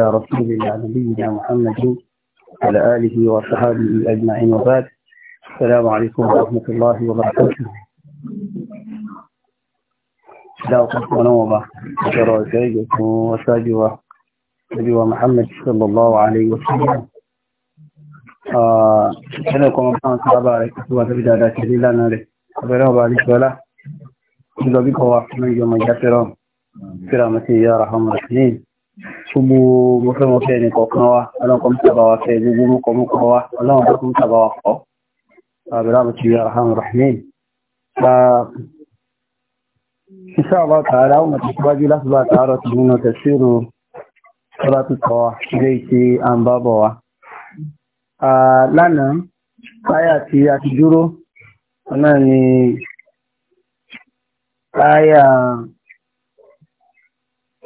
على رسول الله نبينا محمد وعلى آله وصحابه أجمعين وبعد السلام عليكم ورحمة الله وبركاته لا أقصد نوبة وشرع سيدة وساجوة نبي محمد صلى الله عليه وسلم آه، أنا كما كان صعبا عليك وتبدأ ذات لنا لك أبراه بعليك ولا إلا بك وعليك من يوم يغفرهم كرامتي يا رحمة الرحمن gbogbo mo fẹ́ mo fẹ́ ẹnì kọ̀ọ̀kan wa ọlọ́run kọ́ mú sábà wa fẹ́ gbogbo mú kọ́ mú kọ́ wa ọlọ́run kọ́ mú sábà wa kọ́ àbẹ̀rẹ̀ àmì tìrì àhàmù rahman iṣẹ́ àbá tààrà àwọn àtẹ̀síwájú láti bá tààrọ̀ tó nínú tẹ̀síìrò tọ́lá tó tọ́ wa ilé ìṣe à wa. lánàá táyà tí a ti dúró náà ni táyà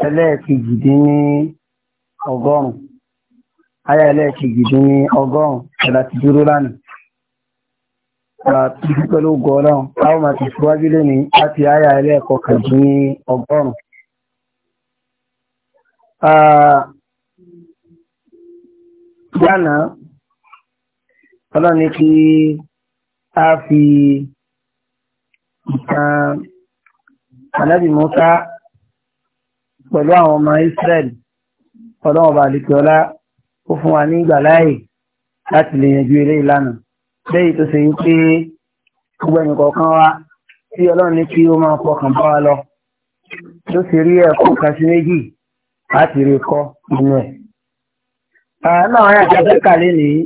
ẹlẹ́ẹ̀kejì dín ní ọgọ́rùn-ún ayé ẹlẹ́ẹ̀kejì dín ní ọgọ́rùn-ún ẹ̀dá ti dúró lánàá àtúntí pẹ̀lú gọ́ọ̀lọ́ àwọn máa ti síwájú lónìí láti àyà ẹlẹ́ẹ̀kọ́ kàjú ní ọgọ́rùn-ún. lánàá ọlọ́run ní kí a fi ìtàn ànábì Mùsá pẹ̀lú àwọn ọmọ Israel ọlọ́run bá lèkè ọlá ó fún wa ní ìgbà láàyè láti lè yanjú eré ìlànà lẹ́yìn tó ṣe yí pé gbogbo ẹnì kọ̀ọ̀kan wa tí ọlọ́run ní kí ó máa fọkàn bá wa lọ ló sì rí ẹ̀kọ́ kan sí méjì láti rí kọ́ nínú ẹ̀. àwọn àwọn àyàtọ̀ afẹ́kà lè nìyí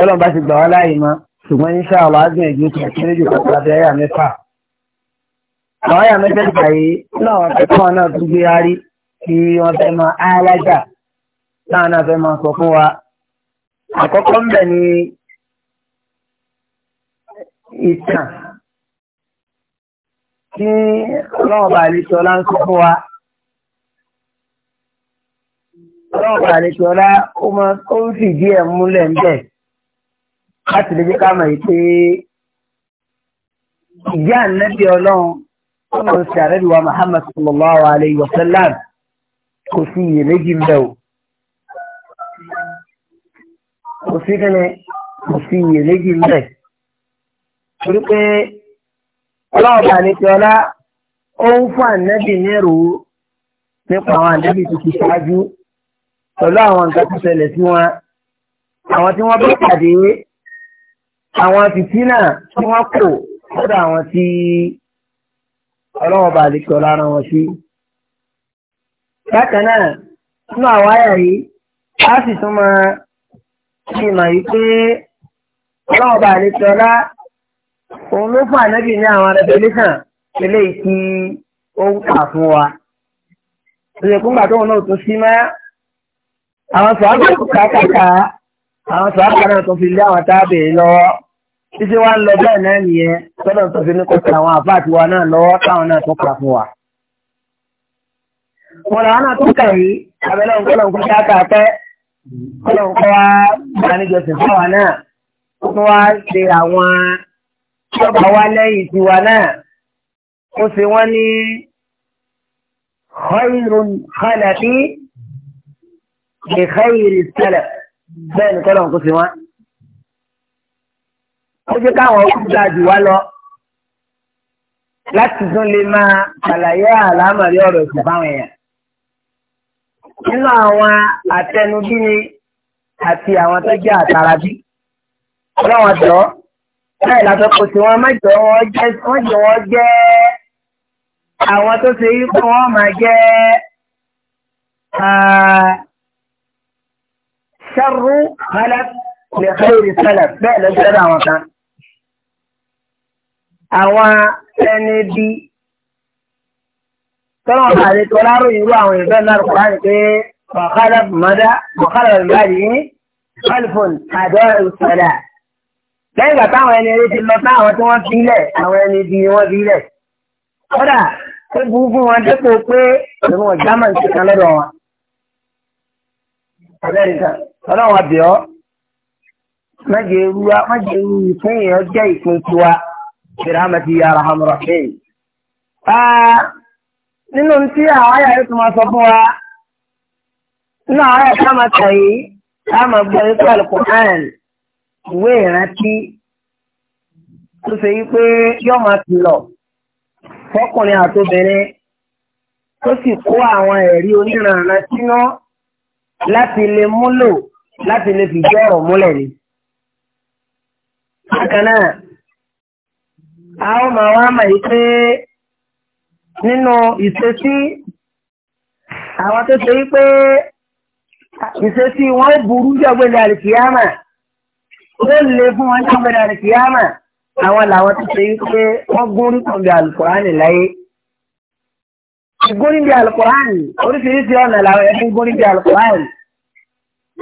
ọlọ́run bá ti gbà wá láàyè mọ́ ṣùgbọ́n ní sáà wàá gbìyànjú kí ẹ̀kí méjì kọ̀ọ̀kan abẹ́rẹ́ àmẹ́fà àwọn àyà mẹ́tẹ̀ẹ̀ta yìí náà wọ́n fẹ́ fún ọ náà tún gbé rárí kí wọ́n fẹ́ máa áyálájà táwọn náà fẹ́ máa sọ fún wa. àkọ́kọ́ ń bẹ̀ ni ìtàn tí ọlọ́run bá lè sọ láń sọ fún wa. ọlọ́run bá lè sọ lá ó máa ó ń fìdí ẹ̀ múlẹ̀ ń láti lè jẹ́ ká mọ̀ yìí pé ìyá ànábì ọlọ́run ọmọ sí àrẹ́bí wa Muhammad sallallahu alayhi wa sallam kò sí iyèméjì ń bẹ̀ o kò sí kẹ́lẹ́ kò sí iyèméjì ń bẹ̀ torí pé ọlọ́ọ̀bà àlejòọlá ó ń fún ànábì nírò nípa àwọn ànábì tó ti ṣáájú pẹ̀lú àwọn nǹkan tó ṣẹlẹ̀ sí wọn àwọn tí wọ́n bá pàdé àwọn fìtínà tí wọ́n kò lọ́dọ̀ àwọn tí ọlọ́wọ́ bá lè tọ́ lára wọn sí. bákan náà nínú àwọn àyà yìí a sì tún máa ṣe mà yìí pé ọlọ́wọ́ bá lè tọ́ lá òun ló fún ànábì ní àwọn revolution eléyìí tí ó ń kà fún wa. ìrẹ̀kùn gbà tóun náà tún sí mọ́ àwọn sọ̀rọ̀ kàkàkà àwọn sọ̀rọ̀ kàkà náà tún fi lé àwọn tábìlì lọ́wọ́ títí wá ń lọ bẹ́ẹ̀ náà nìyẹn tọ́lọ̀ tó fi ní kó ta àwọn àfáàtì wa náà lọ́wọ́ táwọn náà tó kà fún wa. wọn làwọn náà tó kà yìí abẹ́lẹ́ òǹkọ́lọ̀ ń kó ṣáàtà pẹ́ kọ́lọ̀ ń kọ́ wá gbanijọsìn fún wa náà ó tún wá ṣe àwọn ṣọ́ọ̀bà wa lẹ́yìn tiwa náà ó ṣe wọ́n ní khairun khalaqi bi bẹ́ẹ̀ ni kọ́lọ̀ ń kó ṣe wọ́n ó jẹ́ káwọn ọkùnrin àjù wá lọ láti tún lè máa ṣàlàyé àlámọ̀rí ọ̀rọ̀ ìsìn fáwọn èèyàn. nínú àwọn àtẹnudí ni àti àwọn tó jẹ́ àtàràbí ọlọ́wọ́n jọ bẹ́ẹ̀ látọ́ kò sí wọn mẹ́jọ wọn jẹ́ wọ́n jẹ́ àwọn tó ṣe yí pé wọ́n máa jẹ́ ṣẹ́rú kálẹ̀ lè fẹ́ ìrìsẹ́lẹ̀ bẹ́ẹ̀ lọ́jọ́ àwọn kan àwọn ẹni bí tọ́lọ́ àlejò aláròyìn irú àwọn ìfẹ́ náà kọ́ láti pé wàhálà mọ́dá wàhálà ìbáyìí ní kálífòn àjọ ìṣẹ̀dá. lẹ́yìn ìgbà táwọn ẹni eré ti lọ táwọn tí wọ́n bílẹ̀ àwọn ẹni bí wọ́n bílẹ̀. kódà ó bu fún wọn dépò pé ìrùn ọ̀já máa ń ṣe kan lọ́dọ̀ wọn. abẹ́rẹ́ta ọlọ́run àbíọ́ májèlú ìpín èèyàn jẹ́ ìpín tiwa ìrámẹ́tì yàrá hamurọ̀ kéyì. nínú tí àwọn àyà yóò tún máa sọ fún wa nínú àwọn àyà tá a máa tẹ̀ yìí tá a máa gbọ́ yìí pẹ̀lú Quran ìwé ìrántí tó ṣe yí pé yóò máa kìlọ̀ fọkùnrin àtobìnrin tó sì kó àwọn ẹ̀rí onírànà síná láti lè múlò láti lè fìdí ọ̀rọ̀ múlẹ̀ ni. bákan náà a ó máa wá mọ̀ yí pé nínú ìṣesí àwọn tó ṣe wípé ìṣesí wọn burú jọ̀gbẹ́lẹ̀ àlìkìyàmà ó lè fún wọn jọ̀gbẹ́lẹ̀ àlìkìyàmà àwọn làwọn tó ṣe wípé wọ́n gún rí kan bí alukùránì láyé. ìgún níbi alukùránì oríṣiríṣi ọ̀nà làwọn ẹbí gún níbi alukùránì.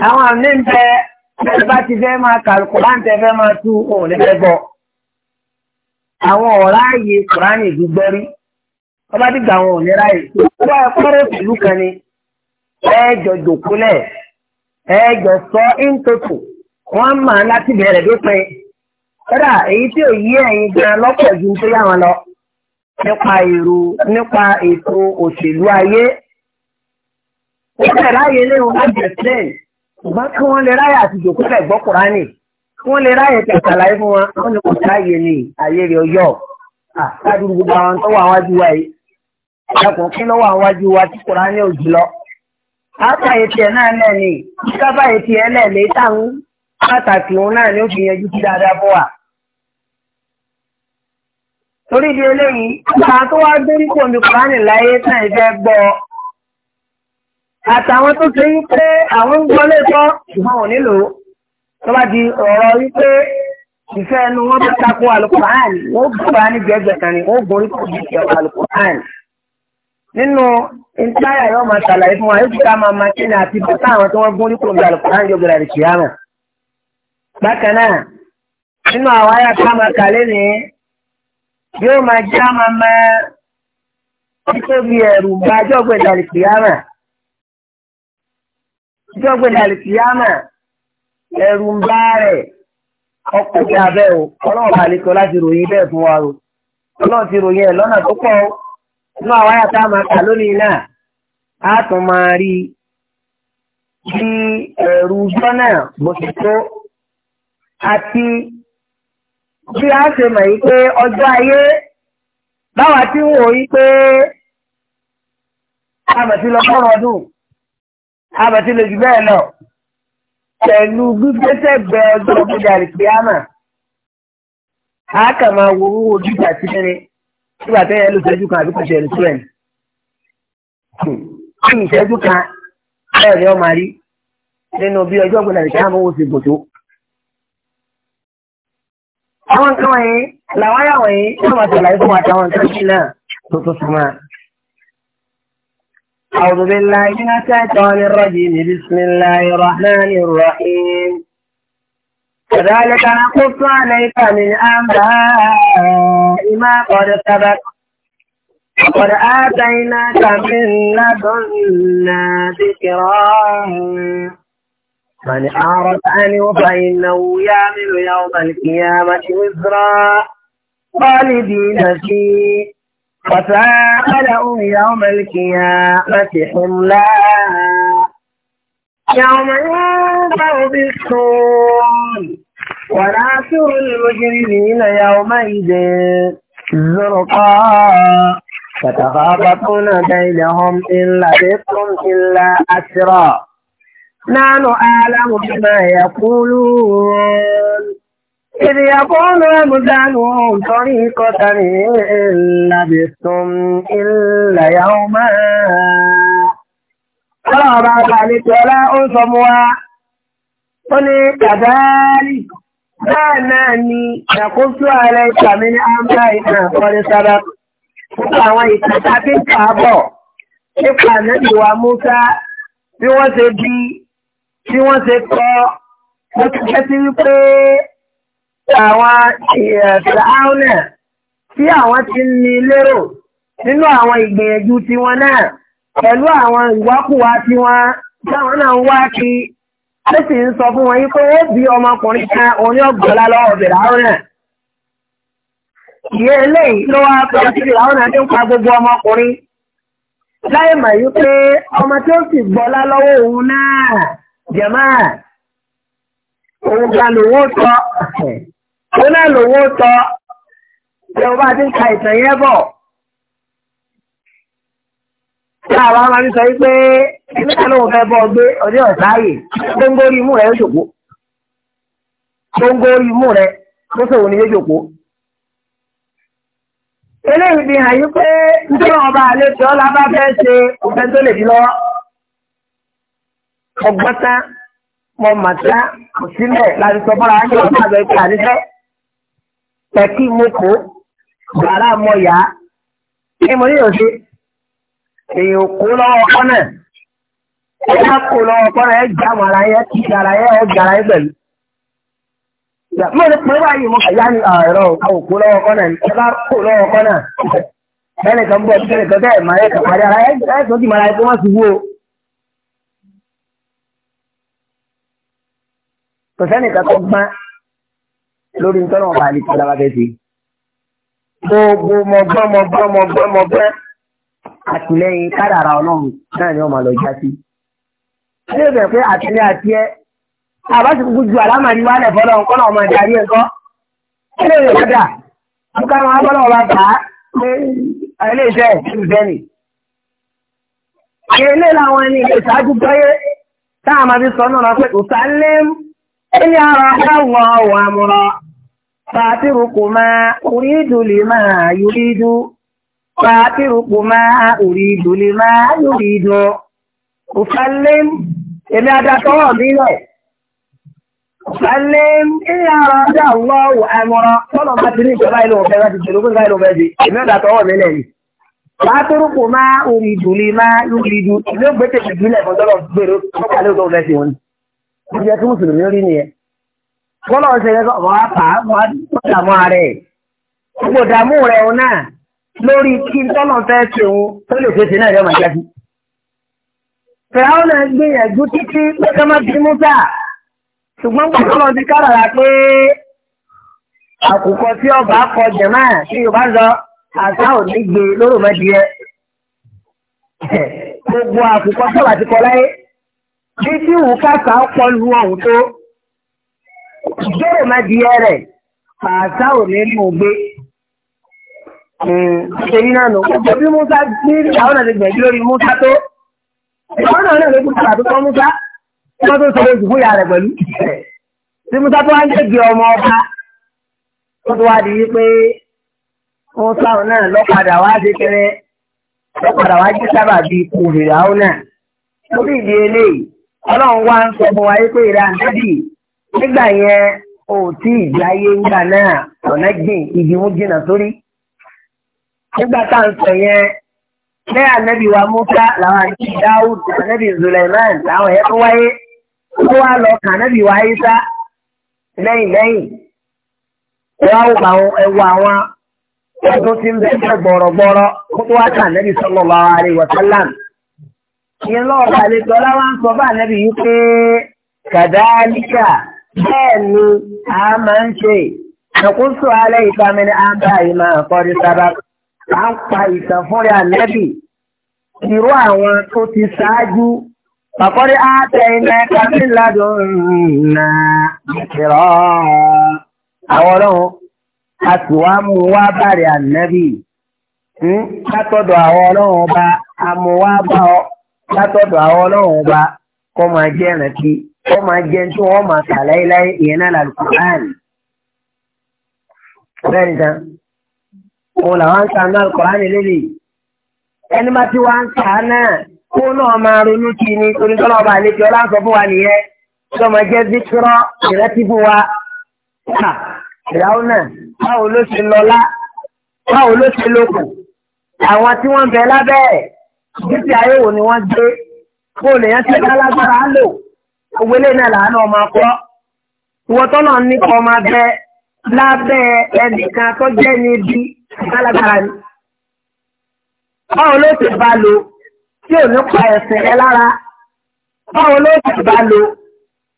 àwọn àmì ń bẹ bá ti fẹ́ máa kà tẹ fẹ́ máa tú òun lè fẹ́ bọ̀. àwọn ọ̀rá ayé kùránì gbígbọ́ rí ọba dịga àwọn òníra yìí wọ́n ẹ̀kọ́rẹ́ pẹ̀lú kan ni ẹ̀ẹ́jọ jòkúlẹ̀ ẹ̀ẹ́jọ sọ íńtòtò wọ́n máa láti bẹ̀rẹ̀ kódà èyí tí ò yí ẹ̀yin gan lọ́pọ̀ ju tó yá wọn lọ nípa ètò òṣèlú ayé bẹ̀rẹ̀ ayé léwu láti ẹ̀sìn ṣùgbọ́n kí wọ́n gbọ́ kùránì. wọ́n lè ráyè tẹ̀ ṣàlàyé fún wọn wọ́n ní kò sáàyè ni àyè rẹ̀ ọyọ́ káàdùn gbogbo àwọn tó wà wájú wa yìí ẹ̀kùn kí ló wà wájú wa tí kòrán ní òjì lọ. àbáyé tiẹ̀ náà lẹ̀ ni sábàyé tiẹ̀ lẹ̀ lè táwọn pàtàkì òun náà ni ó fi yanjú sí dáadáa fún wa. torí di eléyìí àwọn tó wá dórí kò mi kòrán ní láyé náà ìfẹ́ gbọ́ àtàwọn tó ṣe yí pé àwọn ń gbọ́ lẹ́tọ́ ṣùgbọ́n ò tó bá di ọ̀rọ̀ wípé ìfẹ́ ẹnu wọn bá takò alukur'an wọn gbọ́dọ̀ ní gbẹgbẹ̀kan ni wọn gbọ́dọ̀ kò ní ìfẹ́ alukur'an. nínú ìtayà yóò máa ṣàlàyé fún wa yóò ti ká máa ma kí ni àti bàtà àwọn tí wọ́n gbọ́n ní kòlóńgbò alukur'an yóò gbẹ̀rẹ̀ kìí àmà. bákan náà nínú àwọn ayé àti àmà kàlẹ́ ni yóò máa jẹ́ àmà máa títóbi ẹ̀rù bá jọ́gbẹ̀dẹ̀ kìí àmà. jọ́gbẹ̀dẹ̀ ẹrù ń bá rẹ̀ ọkùnrin abẹ́ o ọlọ́run bá lè kọ́ láti ròyìn bẹ́ẹ̀ fún wa o ọlọ́run ti ròyìn ẹ lọ́nà tó pọ̀ o inú àwọn àyàtá máa kà lónìí náà á tún máa rí bí ẹ̀rù jọ́nà bó ti tó àti bí a ṣe mọ̀ yí pé ọjọ́ ayé báwa ti ń wò yí pé àbẹ̀tí lọ fọ́rọ̀ ọdún àbẹ̀tí lè jù bẹ́ẹ̀ lọ. pẹ̀lú gbígbésẹ̀ bẹ ọjọ́ ìgbéga rìpíámà á kà máa wo owó ojú ìgbà tí mẹ́rin nígbà tó yẹ lóṣèlú kan àbí kò ṣe ẹ̀rùsùn ẹ̀ ní ìṣẹ́jú kan bẹ́ẹ̀ ni ọ máa rí nínú bí ọjọ́ ìgbéga rìpíámà owó ti bòtó. àwọn nǹkan wọ̀nyí làwọn yà wọ̀nyí yóò máa tẹ̀lé fún àtàwọn nǹkan sí náà tó tó sọ máa. أعوذ بالله من الشيطان الرجيم بسم الله الرحمن الرحيم كذلك نقص عليك من أنباء ما قد سبق وقد آتيناك من لدنا ذكرا من أعرض عنه فإنه يعمل يوم القيامة وزرا خالدين فيه وسألهم يوم القيامة حملا يوم ينفع بالسور ونعثر المجرمين يومئذ زرقا فتخافتون بينهم إن لبثتم إلا أسرا نحن أعلم بما يقولون إذ يقول أبدانهم طريقة إن لبثتم إلا يوما Ọlọ́ọ̀bá àtàlẹ́tẹ̀ ọlá ó sọ mú wa, ó ní kàdáàrí, bẹ́ẹ̀ náà ni ṣàkóso ààrẹ ìtàmí ní àmà ìtà ọdí sára. àwọn ìtàkà tí ń kàábọ̀, nípa nẹ́bìwà Músá, bí wọ́n ṣe bí, bí wọ́n ṣe kọ́, mo ti jẹ́ sí wípé àwọn ìfìlàáúnẹ̀ eh, tí àwọn ti ń ní lérò nínú àwọn ìgbìyànjú tí wọn náà pẹ̀lú àwọn ìwákùwá tí wọ́n táwọn náà ń wá kí ó sì ń fún wọn yí pé ó bí ọmọkùnrin kan oní lọ́wọ́ eléyìí ló wá ń pa ọmọ tí ó sì gbọ́lá lọ́wọ́ òun náà jẹ̀máà òun lòun ó sọ ó náà lòwó tọ ṣé o bá ń ka ìtàn yẹn bọ̀. Ṣé àwa máa ń sọ wípé nígbà náà mo fẹ́ bọ́ gbé ọdẹ ọ̀sáyè gbóngbórí imú rẹ̀ yóò ṣòkó. Gbóngbórí imú rẹ̀ ló ṣòwò ní ṣòkó. Eléyìí fi hàn yí pé nítorí ọba àlejò ọlá bá fẹ́ ṣe òfin tó lè di lọ́wọ́. Ọgbọ́n tán, mo mà tán, kò sílẹ̀ láti sọ fúnra wọn kí wọ́n máa lọ àníṣẹ́ ẹ̀kí moko gbàrà mọ̀yá kí mo nílò ṣe èèyàn kó lọ́wọ́ kọ́nà ẹ̀yà kó lọ́wọ́ kọ́nà ẹ̀ já mọ̀ ara yẹn kí ara yẹn ẹ̀ gbàrà yẹn pẹ̀lú. mo ní pé báyìí mo kàyà ní ọ̀rọ̀ ah, àwọn kó lọ́wọ́ kọ́nà ẹ bá kó lọ́wọ́ kọ́nà bẹ́ẹ̀ni kan bọ̀ bẹ́ẹ̀ni kan bẹ́ẹ̀ máa yẹ kàn parí ara yẹn tó ti mọ̀ ara kó má ti wú o. kò sẹ́nìkan tó gbọ́n lórí nítorí wọn bá lè padà wá bẹ́ẹ̀ sí. gbogbo mọ̀gbọ́n mọ̀gbọ́n mọ̀gbọ́n mọ̀gbọ́n àtìlẹ́yìn kádàrà ọlọ́run náà ni wọ́n máa lọ já sí. ilé ìbẹ̀ pé àtìlẹ́ àti ẹ àbá ti kúkú ju àlámàrí wá lẹ̀ fọ́lọ́ nǹkan náà máa darí ẹ̀kọ́. ilé ìwé padà mo ká wọn abọ́lọ́ wa bá a ilé iṣẹ́ ìbẹ́ ni. àyè ilé làwọn ẹni ìṣáájú gbọ́yé إن أراد الله أمرا فاتركما أريد لما يريد فاتركما أريد لما يريد أسلم èmi adatọ́wọ̀ nílẹ̀. Salim ìyá ọ̀dá ọlọ́wọ̀ àmọ́ràn tọ́nà bá ti ní ìjọba ìlú ọ̀fẹ́ láti ṣe lókùn ìlú ọ̀fẹ́ sí. Èmi adatọ́wọ̀ nílẹ̀ ni. Látúrùkù máa ń rí ìdùnlé máa ń rí ìdù. Ìlú ògbé tètè ìbílẹ̀ fọ́jọ́lọ́ gbèrò tọ́pàá lóòótọ́ ọ̀fẹ́ sí wọn ó jẹ́ kí mùsùlùmí rí nìyẹn kọ́lọ̀ ṣe yẹ kọ́ wàá fà á wàá dààmú rẹ̀ gbogbo dààmú rẹ̀ òun náà lórí kí tọ́lọ̀ fẹ́ ṣe òun tó lè fèsì náà rẹ̀ máa jáde. fẹ̀hánà gbìyànjú títí pé ká má bí múta ṣùgbọ́n kọ́lọ̀ ti kárara pé àkùkọ tí ọba kọ jẹ̀má tí yorùbá sọ àṣà ò ní gbé lóró gbogbo àkùkọ tọ́lá ti kọ láyé bí tí wù kàkà pọ̀lú ọ̀hún tó jẹ́rò má di ẹ̀rẹ̀ pàṣà ò ní mú gbé. Ṣèyí náà nù, ó bí Musa ní àwọn àti gbẹ̀jú lórí Musa tó. Àwọn náà náà ló kú pàtó tán Musa, tí wọ́n tó sọ oṣù fún ìyá rẹ̀ pẹ̀lú. Tí Musa tó wá ń jẹ́gi ọmọ ọba, ó tó wá di wípé Musa náà lọ́padà wá ṣe kẹrẹ, lọ́padà wá jẹ́ sábà bíi kùrìlà náà. Mo bí ìdí eléyìí. ọlọ́run wá ń sọ fún wa pé ìrẹ́ àǹtẹ́bì nígbà yẹn ò tí ìgbáyé ńgbà náà ọ̀nà gbìn igi jìnnà sórí. nígbà tá à ń sọ yẹn ànábì wa Musa làwọn àti Dáúd ànábì Zulaiman làwọn ẹ̀ tó wáyé tó wá lọ kàn wa Isa lẹ́yìn lẹ́yìn. ẹ wá wò àwọn àwọn tí ń gbọ̀rọ̀gbọ̀rọ̀ kó ìyẹn lọ́wọ́ balẹ̀tọ́ láwọn ń sọ bá nẹ́bí yìí pé kàdáníkà bẹ́ẹ̀ ni a máa ń ṣe ṣàkóso alẹ́ ìpamẹ́ ní àbá yìí máa kọ́ ní sábà à ń pa ìtàn fúnra nẹ́bí irú àwọn tó ti ṣáájú látọ̀dọ̀ àwọn ọlọ́run ọba kọ́ máa jẹ́ ìrántí kọ́ máa jẹ́ tí wọ́n máa kà láéláé ìyẹn náà làlùkùránì. bẹ́ẹ̀ ni tán òun làwọn ń ka náà làlùkùránì lélẹ̀ ẹni bá ti wá ń kà á náà kó náà máa ronú kí ni onítọ́lọ́ ọba àlejò ọlá ń sọ fún wa nìyẹn tó máa jẹ́ zikirọ́ ìrántí fún wa. ìyàwó náà báwo ló ṣe lọ́lá báwo ló ṣe lókun àwọn tí wọ́n bẹ lábẹ́ ẹ̀ títí ayé wo ni wọ́n gbé kó o lè yẹn ti lálágbára á lò owó ilé náà làánú ọmọ akọ ìwọ tọ́nà nípa ọmọ abẹ lábẹ́ ẹnìkan tó jẹ́ níbi lálágbára ni. báwo ló ti bá lò tí ò ní pa ẹ̀sìn rẹ lára báwo ló ti bá lò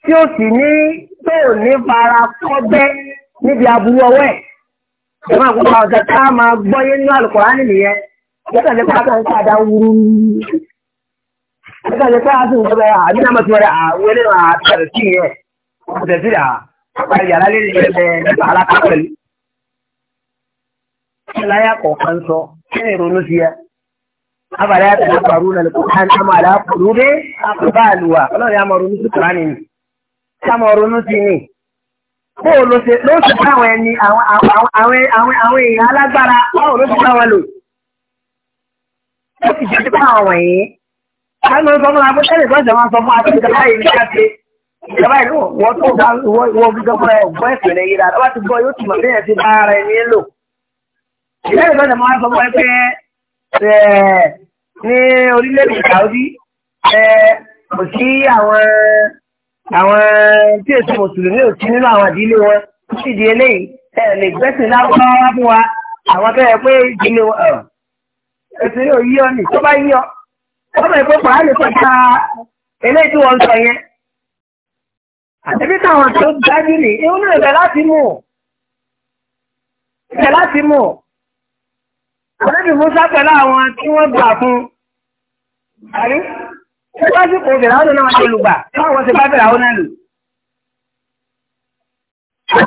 tí ó sì ní tó ò ní fara kọ́gbẹ́ níbi aburú ọwọ́ ẹ̀. ìjọba àkókò ọ̀sẹ̀ ká máa gbọ́yé nínú àlùkò ránì nìyẹn yakan da kan kada wuri yakan da kan sun gaba a bina masu wani a wani a tarci ne da zira ba ya lalle ne da da ala kafin Allah ya kokan so sai ronu siya abala ya ta faru na alquran amma la qulube aqbaluwa Allah ya maru musu qur'ani ne kama ronu si ne ko lo se lo se àwọn ni àwọn àwọn àwọn àwọn èèyàn alágbára báwo ló ti bá wọn lò ó sì jẹ́ pípa àwọn yìí. Àwọn ọmọ ọmọ abọ́ tẹ́lẹ̀ gbọ́dọ̀ máa sọ fún wa ìjọba yìí ní káfí. Ìjọba yìí wọ́n tó bá wọ́n gbígbọ́ fún ẹ ẹ̀sìn rẹ̀ yìí dáadáa. Wọ́n ti gbọ́ yóò tì mọ̀ bí ẹ̀ ti ẹni lò. Ìjọba gbọ́dọ̀ máa sọ fún ẹ pé ní orílẹ̀-èdè Saudi kò sí àwọn àwọn tí èsì mùsùlùmí ò sí nínú àwọn ìdílé wọn. Ó sì di eléyìí ẹ̀ lè gbẹ́sìn láwùjọ ẹ̀sìn yóò yí ọ nì tó bá yí ọ ọmọ ìpò pàálù kọjá eléyìí tí wọ́n sọ yẹn. àtẹ̀bí táwọn tó dájú nì ìhun náà bẹ̀ láti mú bẹ̀ láti mú. àdébì musa pẹ̀lú àwọn tí wọ́n gbà fún àrí lásìkò fìràwọ́n náà ti lùgbà táwọn ti bá fìràwọ́n náà lù.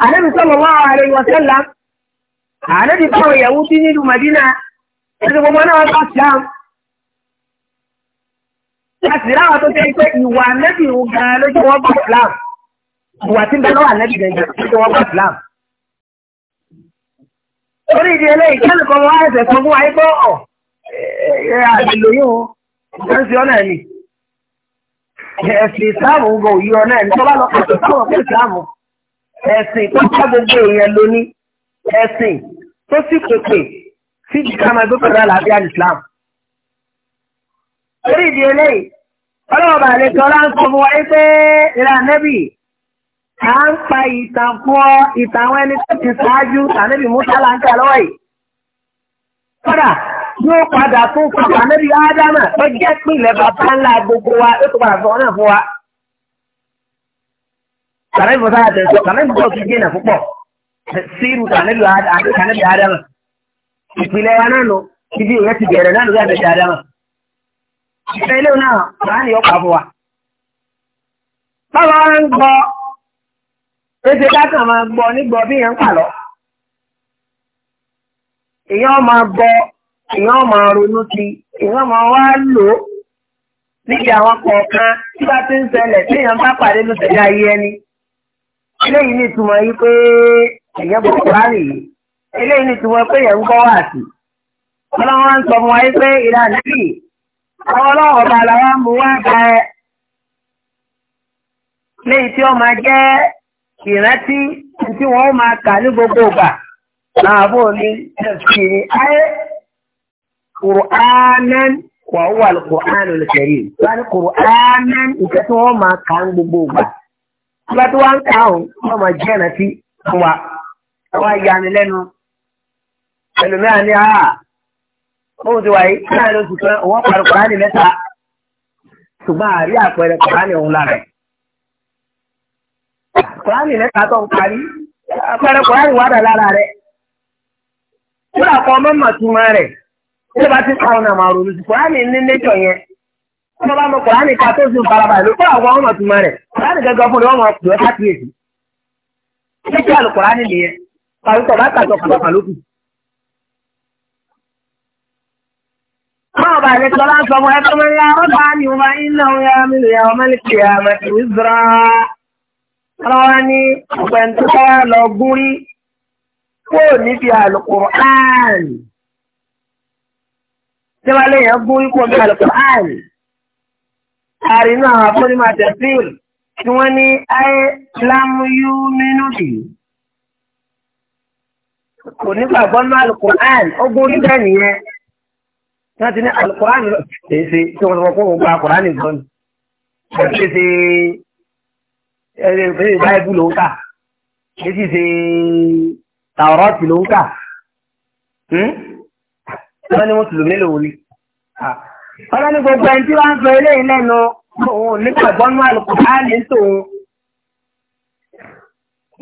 àdébì sọ̀rọ̀ wá àwọn àrẹ ìwọ̀sẹ̀ là àdébì táwọn ìyàwó tí nílùú Madina ẹ̀sìn gbogbo náà tó ṣá láti ráwọn tó tẹ́ pé ìwà nẹ́bì ń ga lójú wọn bá Islam ìwà tí ń bẹ lọ́wọ́ nẹ́bì gẹ̀gẹ̀ lójú wọn bá Islam. orí ìdí eléyìí kẹ́lù kan wọ́n ẹ̀sẹ̀ fún fún wáyé bọ́ ọ̀ àdìlò yìí ó ń ṣe ọ́ náà ni. ẹ̀sìn Islam ń gọ òyìnbó náà ní tọ́lá lọ́kọ̀ tó táwọn fún Islam ẹ̀sìn tó ká gbogbo èèyàn lóní ẹ̀sìn tó sì pèpè sí ìdíkà máa gbé pẹ̀lú àlàáfíà Islam. Orí ìdí eléyìí, ọlọ́ọ̀bà àlejò ọlá ń sọ fún wa pé ìlà nẹ́bì à ń pa ìtàn fún ọ ìtàn àwọn ẹni tó ti ṣáájú tànẹ́bì Musa là ń kà lọ́wọ́ yìí. Kọ́dà yóò padà fún pàpà nẹ́bì Ádámà tó jẹ́ pínlẹ̀ bàbá ńlá gbogbo wa ló tó padà sọ náà fún wa. Tànẹ́bì Musa àtẹ̀sọ́ tànẹ́bì Musa ti jẹ́ ìnà púpọ̀ sí irú tànẹ́bì Ádámà ìpìlẹ̀ wa náà nù ibi ìyẹn ti bẹ̀rẹ̀ náà lórí àbẹ̀tẹ̀ àdámà. ìfẹ́ ilé náà máa ń yọ pa fún wa. báwa ń gbọ́ ètò ìdákan máa gbọ́ nígbọ́ bí yẹn ń pàlọ́. èèyàn máa gbọ́ èèyàn máa ronú sí èèyàn máa wá lò ó níbi àwọn kọ̀ọ̀kan tí bá ti ń ṣẹlẹ̀ tí èèyàn bá pàdé ló ayé ẹni. eléyìí ní ìtumọ̀ yìí pé èèyàn bọ̀ eléyìí ni tiwọn pé yẹn ń gbọ́ wá sí ọlọ́run ń sọ fún wa pé ìlànà yìí àwọn ọlọ́run ọba làwọn mú wá ẹ léyìí tí ó máa jẹ́ ìrántí tí wọ́n máa kà ní gbogbo ìgbà láàbò ní ẹ̀sìn ní ayé wà ó wà láti gbogbo ìgbà tí wọ́n ti wá ń kà ó wọ́n máa jẹ́ ẹlòmíràn ní àá ah, ohun ti wà yìí kí láàrin oṣù kan òun parí kùránì mẹ́ta ṣùgbọ́n àrí àpẹẹrẹ kùránì òun lára ẹ̀. kùránì mẹ́ta tó ń parí àpẹẹrẹ kùránì wà dà lára rẹ̀. kúrò àpọ̀ mọ́mọ́ túmọ̀ rẹ̀ tí bá ti kàwọn àmọ́ àròrò sí kùránì ní nẹ́jọ̀ yẹn. wọ́n bá mọ kùránì ká tó sùn farabalẹ̀ kúrò àpọ̀ mọ́mọ́ túmọ̀ é ما بعد صلاة فمعكم يا ربان وما إنه يعمل يوم القيامة وزرا رواني وانت لو قولي كوني في القرآن سوى لي يقول كوني في القرآن أرنا كلمة تفسير كوني أي لم يؤمنوا به كوني في القرآن أقول ده wọ́n ti ní alukurani èyí ṣe tí wọ́n sọ pé òun gba akurani gan ni wọ́n ti ṣe ẹ̀rẹ́ ìfẹ́ báyìí ló ń kà èyí ti ṣe tàwọ́rọ́ọ̀tì ló ń kà hmm? wọ́n ní mùsùlùmí lòun ni. ọlọ́ni gbogbo ẹni tí wọ́n ń sọ eléyìí lẹ́nu òun nígbàgbọ́ nú alukurani ń tòun.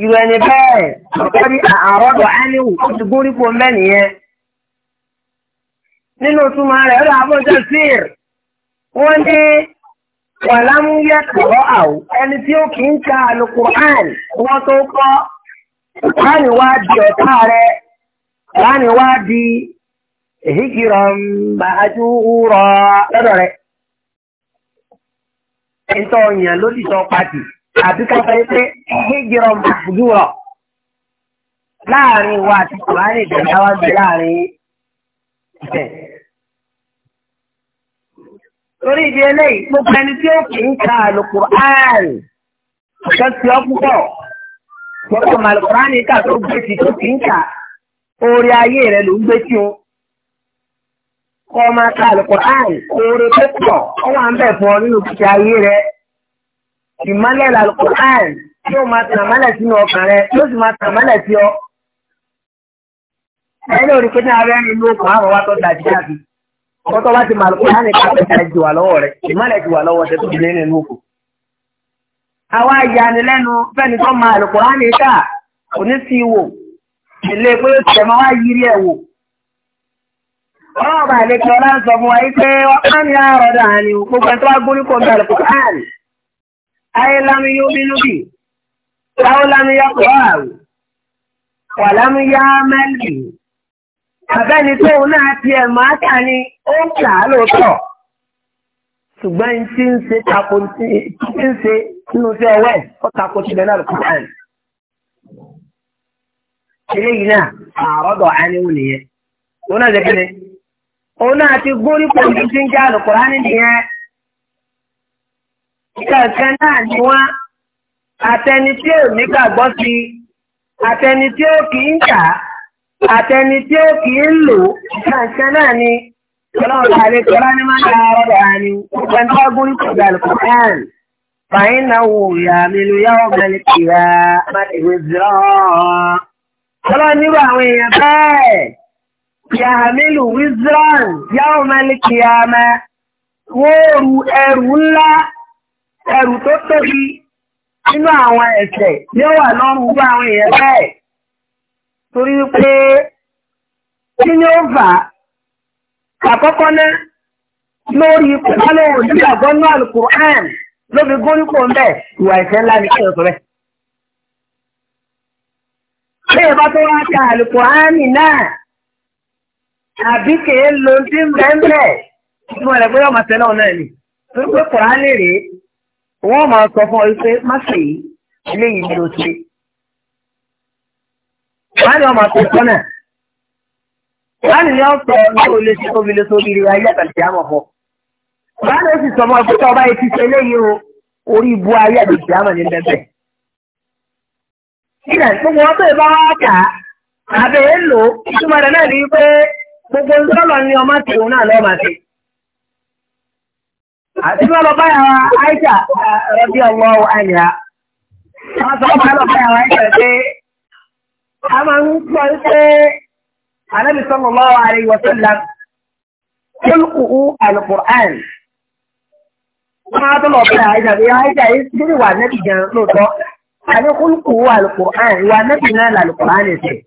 ìrẹ̀lẹ̀ bẹ́ẹ̀ ọ̀gá ní àárọ̀dọ̀ ánìwò ó ti gún rí fún mẹ́nìyẹn. nínú túmọ̀ rẹ̀ ọ̀rọ̀ àbọ̀jọ sír wọ́n ní wàlámúyẹ kọ̀ọ̀ àwò ẹni tí ó kì í ka alukur'an wọ́n tó kọ́ láàrin wá di ọ̀tá rẹ̀ láàrin wá di èhìkìrọ̀ mbàájú rọ̀ lọ́dọ̀ rẹ̀. sọ pàtì pé rọ̀ Torí ìdí eléyìí, gbogbo ẹni tí ó kì í ka àlùkò áàrì, ọ̀sẹ̀ tí ó púpọ̀, gbogbo màlùkùránì kà tó gbé ti tó kì í kà, orí ayé rẹ̀ ló ń gbé tí o. Kọ́ máa ka àlùkò áàrì, orí púpọ̀, ó wà ń bẹ̀ fún ọ nínú kìkì ayé rẹ̀. Ìmọ́lẹ̀ làlùkò áàrì yóò máa tàn mọ́lẹ̀ sínú ọkàn rẹ̀, yóò sì máa tàn mọ́lẹ̀ sí ọ ẹ̀yìn òrí pé ní ara ẹni ló kàn àwọn wá tó dájú jáde ọkọ tó bá ti màlúkú á ní káfẹ́ ta ẹjì wà lọ́wọ́ rẹ̀ ìmọ̀lẹ̀ ti wà lọ́wọ́ tẹ tó dìlé nínú òkú. àwa ìyanilẹ́nu fẹ́ni tó màlúkú á ní ká kò ní sí wò ilé pé ó tẹ̀ wá yírí ẹ̀ ọlọ́ọ̀bà lè kí ọlá ń sọ fún wa yìí pé ní àròdà ni gbogbo ẹni tó wá gbórí kò ń bẹ̀rẹ̀ kò ayé lámi yóò bínú bì táwọn lámi yá kò wà wàlámi yá mẹ́lì Àbẹ́ni tó ń náà ti ẹ̀ máa tà ní ó ń tà á lóòótọ́. Ṣùgbọ́n ní tí ń ṣe tako tí ń ṣe nínú iṣẹ́ ọwọ́ ẹ̀ ó tako ti bẹ̀rẹ̀ lọ́kùn ẹ̀. Eléyìí náà àrọ́dọ̀ aníwò nìyẹn. Òun náà ṣe Òun náà ti tí ń jẹ́ nìyẹn. náà ni wọ́n àtẹni tí ò ní gbàgbọ́ sí àtẹni tí ó kì í kà àtẹni tí ó kìí ń lò ṣàṣẹ náà ni ọlọ́run ní máa ń da ọ̀rọ̀ àní ọ̀pẹ̀ntà gúrí kọjá lùkùnkàn fàyín náà wò yà mí lu yàwó mẹ́lì ọlọ́run àwọn èèyàn bẹ́ẹ̀ lu wizron yàwó mẹ́lì ẹrù ńlá ẹrù tó tóbi nínú àwọn yóò wà torí pé kí ni ó fà àkọ́kọ́ náà lórí pálọ̀wò nígbàgbọ́ náà alukur'an ló lóbi góríkò ń bẹ̀ ìwà ìfẹ́ ńlá ní kéèyàn tó bẹ̀. kéèyàn tó wá náà àbí ló ń dín bẹ́ẹ̀ ọmọ tẹ́lẹ̀ láàrin ọmọ àti ẹ̀kọ́ náà láàrin ni wọ́n sọ báwo lè ṣe tóbi lè sórí rẹ̀ ayé àtàlẹ́ àmọ̀ fọ́ láàrin sì sọ ọmọ ẹgbẹ́ ọba yìí ṣe eléyìí o orí ibu ayé àtàlẹ́ àmọ̀ ní bẹ́ẹ̀ ilẹ̀ gbogbo wọn bẹ́ẹ̀ bá wá kà á àbẹ̀ lò ìtumọ̀ rẹ̀ náà ní pé gbogbo ńlọ́lọ́ ni ọmọ ti òun náà lọ́ọ́ máa àti bí wọ́n lọ báyà wa Aisha bí a máa ń gbọ́ pé anábì sallallahu alaihi wa sallam kílùkù alukur'an máa tó lọ bẹ̀rẹ̀ àìsàn bí àìsàn yìí sírí wà nẹ́bì gan lóòótọ́ àní kílùkù alukur'an wà nẹ́bì náà làlùkur'an ẹ̀sẹ̀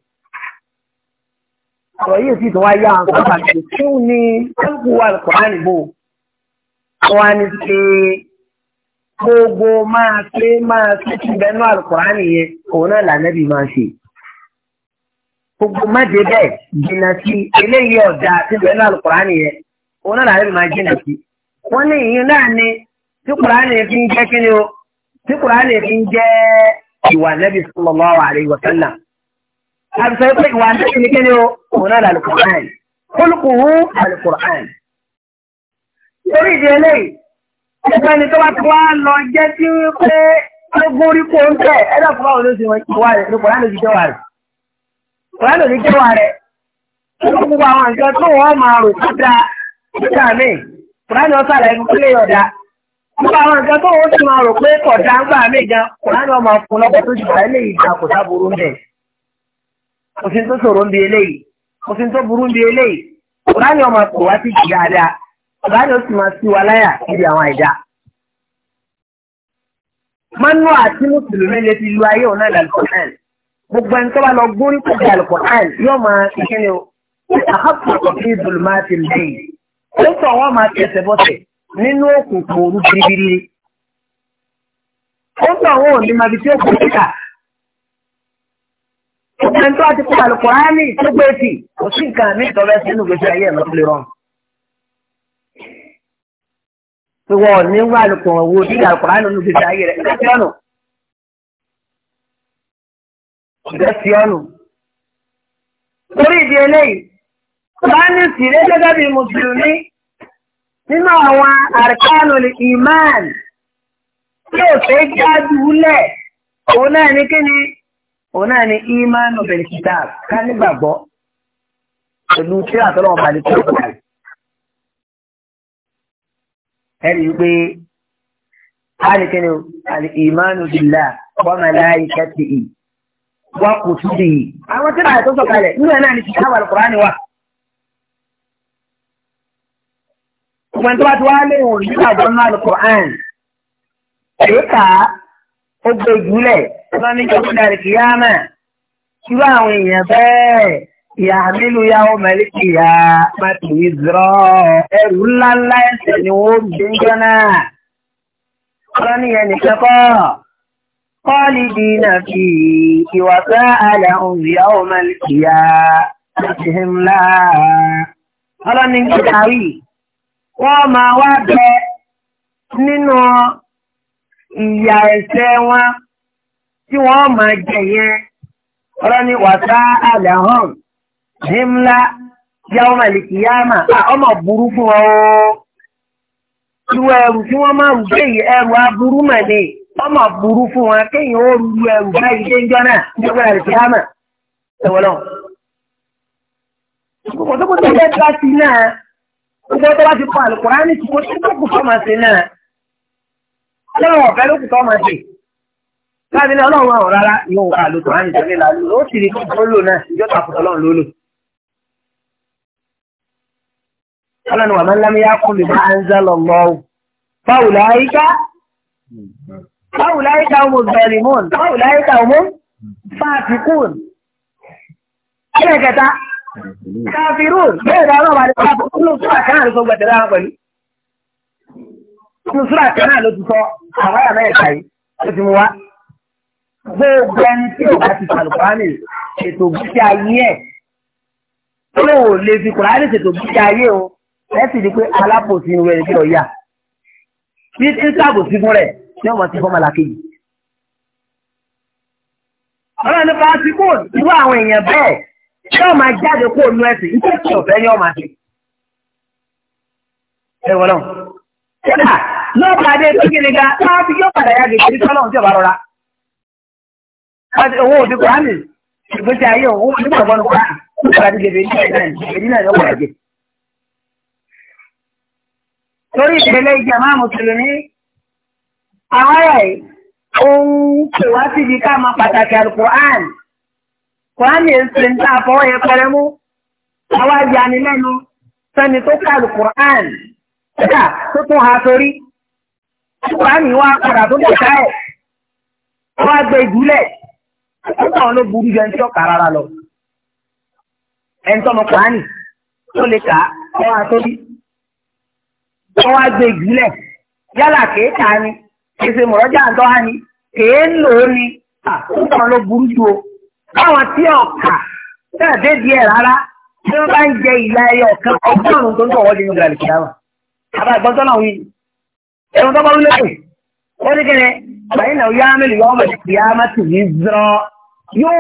ọ̀rọ̀ yìí sì tó wá yá àwọn kan pàtó kí ni kílùkù alukur'an bò wọ́n á ní gbogbo máa ṣe máa ṣe ti bẹ́ẹ̀ alukur'an yẹn òun náà lànẹ́bì máa ṣe. gbogbo mẹ́jẹ bẹ́ẹ̀ jìnnà sí eléyìí ọ̀dà tí bẹ́ẹ̀ náà Kùránì yẹn òun náà làwọn máa jìnnà sí. wọ́n ní ìyún náà ni tí fi ń jẹ́ kíni o tí Kùránì fi ń jẹ́ ìwà Nábì sallallahu alaihi wa àbùsọ̀ pé ìwà ni kíni o náà torí ìdí eléyìí ẹgbẹ́ ni tó bá wọ́n lò ní rẹ̀ wọ́n gbogbo àwọn nǹkan tó wọ́n máa rò kúta kúta mi kùránì ọ̀sà rẹ̀ ń pélé ọ̀dà gbogbo àwọn nǹkan tó wọ́n ti máa rò pé ń gbà mí gan kùránì ọmọ fún tó jùlọ eléyìí kò burú kò sí tó ń bi eléyìí kò sí tó burú ń bi eléyìí kùránì ọmọ gbogbo ẹni tó bá lọ gbórí kọjá àlùkòrán yóò máa ṣiṣẹ́ ni o àhàpọ̀ kọfí ìdùnnú ti lẹ́yìn ó sọ wọn máa tẹsẹ̀ bọ́sẹ̀ nínú òkùnkùn òru biribiri ó sọ wọn ò ní máa fi tí ó kù síta gbogbo ẹni tó bá ti kọ àlùkòrán ní ìtúgbò etí kò sí nǹkan mi tọ́lẹ̀ sínú gbèsè ayé ẹ̀ lọ́tún lè rọrùn. ìwọ ò ní wá àlùkòrán wo dídà àlùkòrán nínú gbèsè ayé rẹ̀ ẹ̀ ọ̀gá sí ọ̀nù. Torí ìdí eléyìí, bá ní ìsìlẹ̀ gẹ́gẹ́ bí Mùsùlùmí nínú àwọn àrkánù ìmáàn tí ò fẹ́ jáde wúlẹ̀, òun náà ní kíni, òun náà ní ìmáànù bil kitab ká nígbàgbọ́ pẹ̀lú tí àtọ́lọ́wọ́ bá lè tó kọ̀ọ̀kan. Ẹni wípé a lè kíni, al-imanu billah wa malaikatihi wá kò tún dè yìí. àwọn tí báyìí tó sọ kalẹ̀ nínú ẹ̀ náà ni kìkà wàlú kùránì wa. ọgbọ̀n tó bá ti wá léwu nígbà tó ń lọ kùránì. èyíkà ó gbé ìgbìlẹ̀ tó ní ìjọba dàrí kìyàmà. irú àwọn èèyàn bẹ́ẹ̀ ìyá mílù ya ó mẹ́lí kìyà má tì í zọrọ ẹrù ńláńlá ẹsẹ̀ ni wọ́n gbé jọ náà. kùránì خالدين فيه وساء لهم يوم القيامة لا ọlọ́ni ìdáwì wọ́n máa wá bẹ nínú wọn tí wọ́n máa jẹ yẹn ọlọ́ni wàsá àdáhàn himla yàwó màlìkìyàmà ọmọ burú fún ọ. irú ẹrù tí wọ́n máa rù gbé yìí ẹrù aburú ọmọ burú fún wọn kéèyàn ó ru ẹrù báyìí dé njọ́ náà nígbà rẹ̀ ti hámà ẹ̀wọ̀n náà. Gbogbo tó kó tó bẹ́ẹ̀ bá ti náà gbogbo tó bá ti kọ́ àlùkùránì tí kò tó tó kù fọ́ màá ṣe náà. Ọlọ́run ọ̀fẹ́ ló kù fọ́ màá ṣe. Káàdì náà ọlọ́run àwọn rárá yóò wà àlùkùránì tó nílà lò ó sì rí kó lò náà ìjọ tàkùtà ọlọ́run ló lò. Ọlọ́run wà báwo láyé ká ọmọ bẹ̀rìmọ́n báwo láyé ká ọmọ fàfikún kílẹ̀ kẹta káfírún bẹ́ẹ̀ ni ọlọ́wà ní ọlọ́wà nínú súrà kan náà ló sọ gbẹ̀tẹ̀ láwọn pẹ̀lú nínú súrà kan náà ló ti sọ àwọn àyà mẹ́ẹ̀ka yìí ló ti mú wa gbogbo ẹni tí ò bá ti sàlùkùránì ètò gbèsè ayé ẹ̀ tó lè lè fi kùránì ṣètò gbèsè ayé o ẹ sì rí pé alápòsí ni wẹ́n ti lọ yà bí tí fún rẹ̀ ní ọmọ ti fọ́mọ làkejì. ọlọ́run nípa ti kó irú àwọn èèyàn bẹ́ẹ̀ tí wọ́n máa jáde kó nu ẹ̀sìn nítorí tí ọ̀fẹ́ ni máa ṣe. ẹ wọ́n náà kódà náà pàdé gbígbìnrin ga náà fi yóò padà yá gègé nípa ọlọ́run tí rọra. owó òdi kùránì ìgbésí ayé òun nígbàgbọ́ ní kùránì nígbà tí gègé ní ẹ̀dínlẹ̀ torí ìdílé ìjàmbá mùsùlùmí àwọn ọ̀rọ̀ yìí òun pè wá síbi ká máa pàtàkì alukur'an kur'an yẹn ṣe ń tà fọwọ́ yẹn pẹrẹ mú àwa yàní lẹ́nu sẹ́ni tó ká alukur'an kódà tó tún ha sórí kur'an yìí wá padà tó dẹ̀ ká ẹ̀ wá gbé ìdúlẹ̀ ó kàn ló burú jẹ́ tí ó kà rárá lọ ẹni tọmọ kur'an tó lè kà ọ́ wá sórí wọ́n wá gbé ìdúlẹ̀ yálà kéèkà ni. èsè mọ̀rọ́jà ń ha ni kee ń a ni àwọn ló burú ju o báwọn tí ọ̀kà náà dé díẹ̀ rárá tí wọ́n bá ń jẹ ìlà ẹyọ ọ̀kan ọgọ́rùn tó ń tọ̀wọ́ di nígbà lùkìlá wọn. àbá ìgbọ́n tọ́lá wí ẹ̀rọ tó bá wúlò pé wọ́n ní kẹ́rẹ́ báyìí náà yá mélòó yọ ọmọ ìpè má tì yóò yóò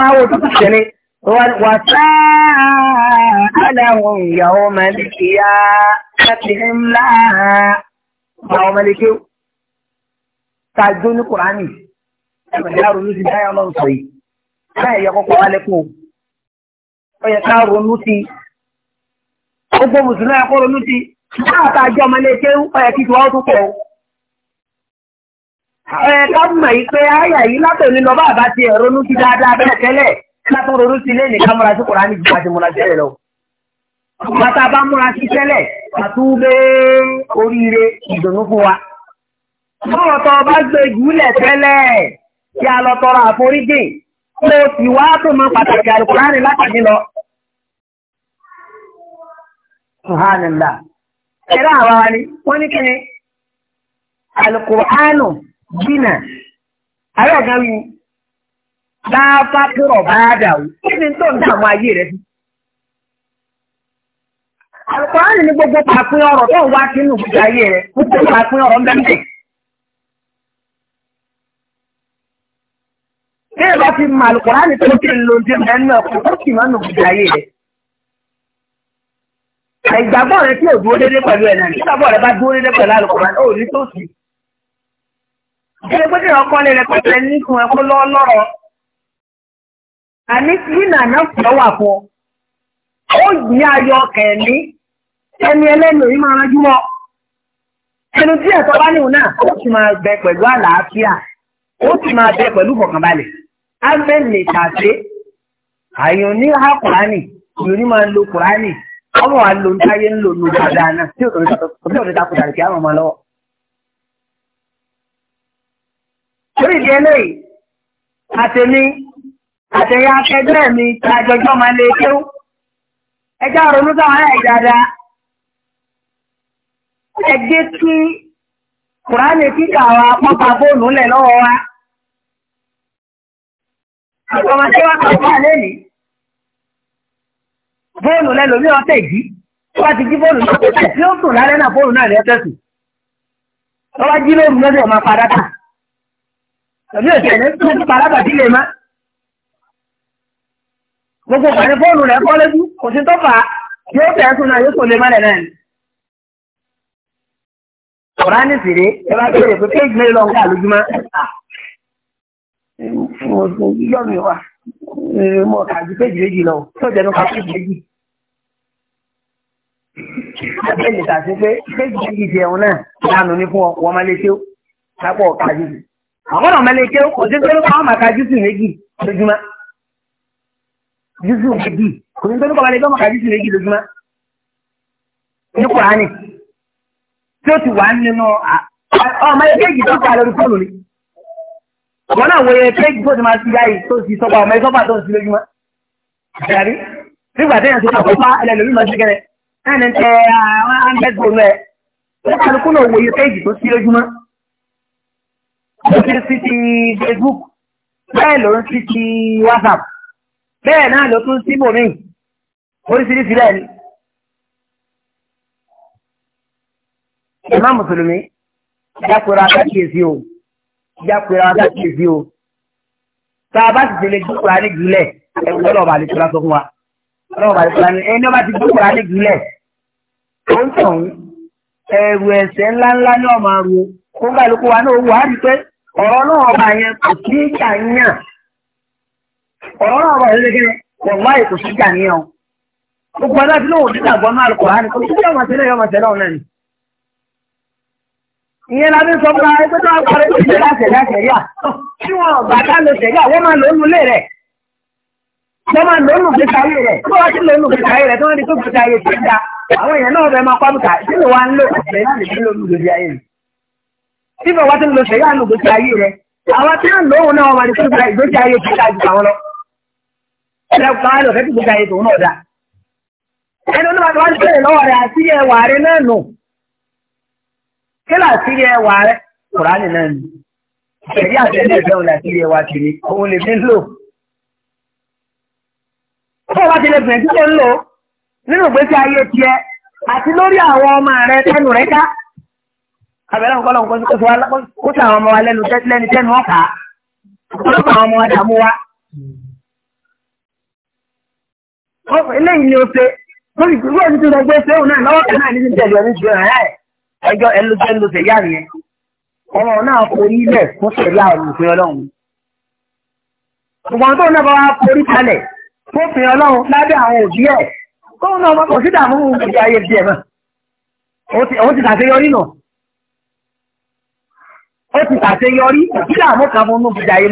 àwọn òtútù وسألهم يوم القيامة لا يوم القيامة تعدون القرآن يا رنوسي لا الله صي لا يقوق عليكم ويقع رنوسي ọgbọ́n mùsùlùmí ẹ̀kọ́ ronúti láàtà àjọ ọmọlẹ́kẹ́ ọ̀yẹ̀ kí tiwọ́ tó pọ̀ ọ̀yẹ̀ ká mọ̀ yí pé àyà yìí látòní lọ bá àbá ti ẹ̀ ronúti dáadáa bẹ́ẹ̀ tẹ́lẹ̀ látọ̀ ronú sí ilé nìkan múra sí kùránì ju àti múra tẹ́lẹ̀ lọ. Bàtà bá múra sí tẹ́lẹ̀, àtúbé oríire ìdùnnú fún wa. Bọ́ọ̀ tọ́ bá gbé ìgúlẹ̀ tẹ́lẹ̀ kí a lọ tọrọ àforíjì. Mo sì wá tó mọ pàtàkì àlùkùránì látàdí lọ. Subhanallah. Ẹ̀rọ àwa wa ni wọ́n ní kíni? Àlùkùránù jìnà. Àrẹ wí ni láàfá kúrọ̀ bá dà ó kí ni tó ń dààmú ayé rẹ bí. àlùkòrán ní gbogbo pàpín ọ̀rọ̀ tó ń wá sínú gbogbo ayé rẹ gbogbo pàpín ọ̀rọ̀ ń bẹ́ẹ̀ bẹ́ẹ̀. bí ẹ bá ti mọ àlùkòrán tó ti ń lo ti ń bẹ́ẹ̀ náà kò tó sì máa ń nù gbogbo ayé rẹ. àìgbàgbọ́ rẹ tí ò dúró déédéé pẹ̀lú ẹ̀ náà nígbàgbọ́ rẹ bá dúró déédéé pẹ̀lú àlùkòrán ó ní tó sì. ẹ àní nínà náà fẹ́ wà fún ọ ó yí ayọ̀ ẹni ẹlẹ́nu yìí máa rájú mọ́ tí ẹ̀tọ́ bá níhùn náà ó sì máa bẹ pẹ̀lú àlàáfíà ó si máa bẹ pẹ̀lú kọ̀kànbalẹ̀ ámẹ́ lè tàṣe àyàn ní ha kùránì ní máa ń lo kùránì ọmọ wa lo àtẹ̀yà akẹgbẹ́ mi tàjọjọ́ máa lè kéwú. Ẹjá ronú táwọn ẹ̀ dáadáa. Ẹ Kùránì kíkà wa pọ́pá fóònù lẹ̀ lọ́wọ́ wa. Àtọmọdé wa kà fún àlẹ́ fóònù ọ̀tẹ̀ yìí ti jí fóònù náà tí ó sùn lálẹ́ náà fóònù náà ní ọ̀tẹ̀ sùn jí lóòrùn lọ́sẹ̀ ọ̀ma padà gbogbo pàdé fóònù rẹ̀ kọ́ lójú kò sí tó fà á yóò tẹ̀ sùn náà yóò sọ lè má náà ni. kùránì sì rèé ẹ bá kéde pé kéèjì mélòó lọ ń kà lójúmọ́. yọ mi wà mo kà ju kéèjì méjì lọ tó jẹnu ká kéèjì méjì. abẹ́ lè tàṣí pé kéèjì méjì jẹun náà lánàá ní fún ọkọ̀ ọmọléṣẹ́ lápò ọ̀kájú. àwọn ọmọléṣẹ́ kò sí pé káwọn màkájú sì jùsù méjì kò ní tó ní kọ̀ọ̀kan lè gbọ́mọ̀ ká jùsù méjì lójúmọ́ ní kùránì tí ó ti wà nínú ọmọ ẹgbẹ́jì tó kà lórí fóònù ni wọn náà wòye péjì tó ti máa ti yáyì tó ti sọpa ọmọ ẹgbọ́pà tó ń ti lójúmọ́ àṣàrí nígbà tí èèyàn ti kà fọ́pá ẹlẹ́lómi máa ti gẹ́rẹ́ ẹni tẹ àwọn àǹdẹ́gbò rẹ̀ ó kálukú náà wòye péjì tó ti lójúmọ́ ó ti ti ti Facebook bẹ́ẹ̀ ló bẹ́ẹ̀ náà ló tún síbò míì oríṣiríṣi bẹ́ẹ̀ ni. ìmá mùsùlùmí jápẹ̀rọ akákìyèsí o jápẹ̀rọ akákìyèsí o tá a bá sì ṣe lè dúkùrà ní jùlẹ̀ ẹ̀rù lọ́wọ́ bá lè tura sọ fún wa lọ́wọ́ bá lè tura ní ẹni ọba ti dúkùrà ní jùlẹ̀ ó ń tàn ẹ̀rù ẹ̀sẹ̀ ńláńlá ní ọmọ àrùn kó ń bá ìlú kó wa náà wù á rí pé ọ̀rọ̀ náà ọba yẹn kò sí ìjà yàn ọ̀rọ̀ náà wà lórí kíni sí o gbogbo ẹ̀dá tí lóun dídà gbọ́n náà kọ̀ọ̀rán ni sí ọmọ tẹ́lẹ̀ ọmọ tẹ́lẹ̀ ọ̀nà ni. ìyẹn la fi sọ fún wa pé tó wà parí ní ìjọba sẹ̀dá tí wọn wọ́n máa lé rẹ̀ wọ́n máa gbèsè ayé rẹ̀ tó gbèsè ayé rẹ̀ tó ẹ̀rọ kan lọ fẹ́ kí gbogbo ayé tòun náà dà ẹni onímọ̀ tó wá ń tẹ̀lé lọ́wọ́ rẹ̀ àti ẹwà rẹ̀ náà nù kí láti ẹwà rẹ̀ kùránì náà nù ẹ̀rí àtẹ̀lẹ́ ìfẹ́hùn láti ẹwà kiri òun lè fi ń lò fún ọba tilẹ̀ bẹ̀rẹ̀ tí ó ń lò nínú ìgbésí ayé tiẹ̀ àti lórí àwọn ọmọ rẹ̀ tẹnu rẹ̀ ká abẹ́rẹ́ nǹkan eléyìí ni o lórí ìgbìmọ̀ ẹni tó sọ pé ṣé òun náà lọ́wọ́ kan ní ti tẹ̀lé ẹ̀ ẹjọ́ ẹlòjẹ́ ló ṣe yá nìyẹn ọmọ náà forí ilẹ̀ ó ti ṣàṣeyọrí nù ó ti ṣàṣeyọrí kò sí dààmú kan fún ìgbé ayé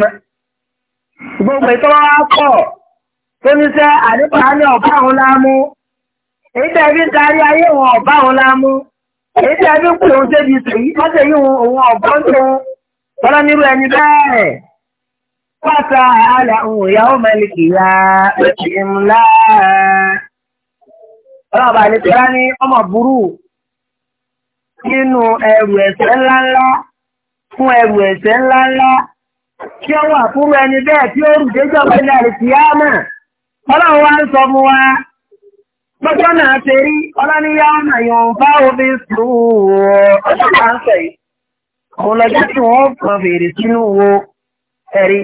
tó ní sẹ́ àdébà ní ọ̀bá òun lámú èyí tẹ́ fi ń darí ayé wọn ọ̀bá òun lámú èyí tẹ́ fi ń pè òun débi sèyí lọ́sẹ̀ yìí wọn òun ọ̀bọ́ tó tọ́lá nírú ẹni bẹ́ẹ̀ òun ìyàwó mẹ́lìkì ya ètì ní ọmọ burú nínú ẹrù ńláńlá fún ẹrù ńláńlá Ọlọ́run wá ń sọ mú wa, gbọ́jọ́ náà ṣe rí, ọlọ́níyá ọ̀nà yóò bá omi sùúrù ọjọ́ máa ń sọ yìí. Òun lọ́jọ́ tí wọ́n kan fèrè sínú wo ẹ̀rí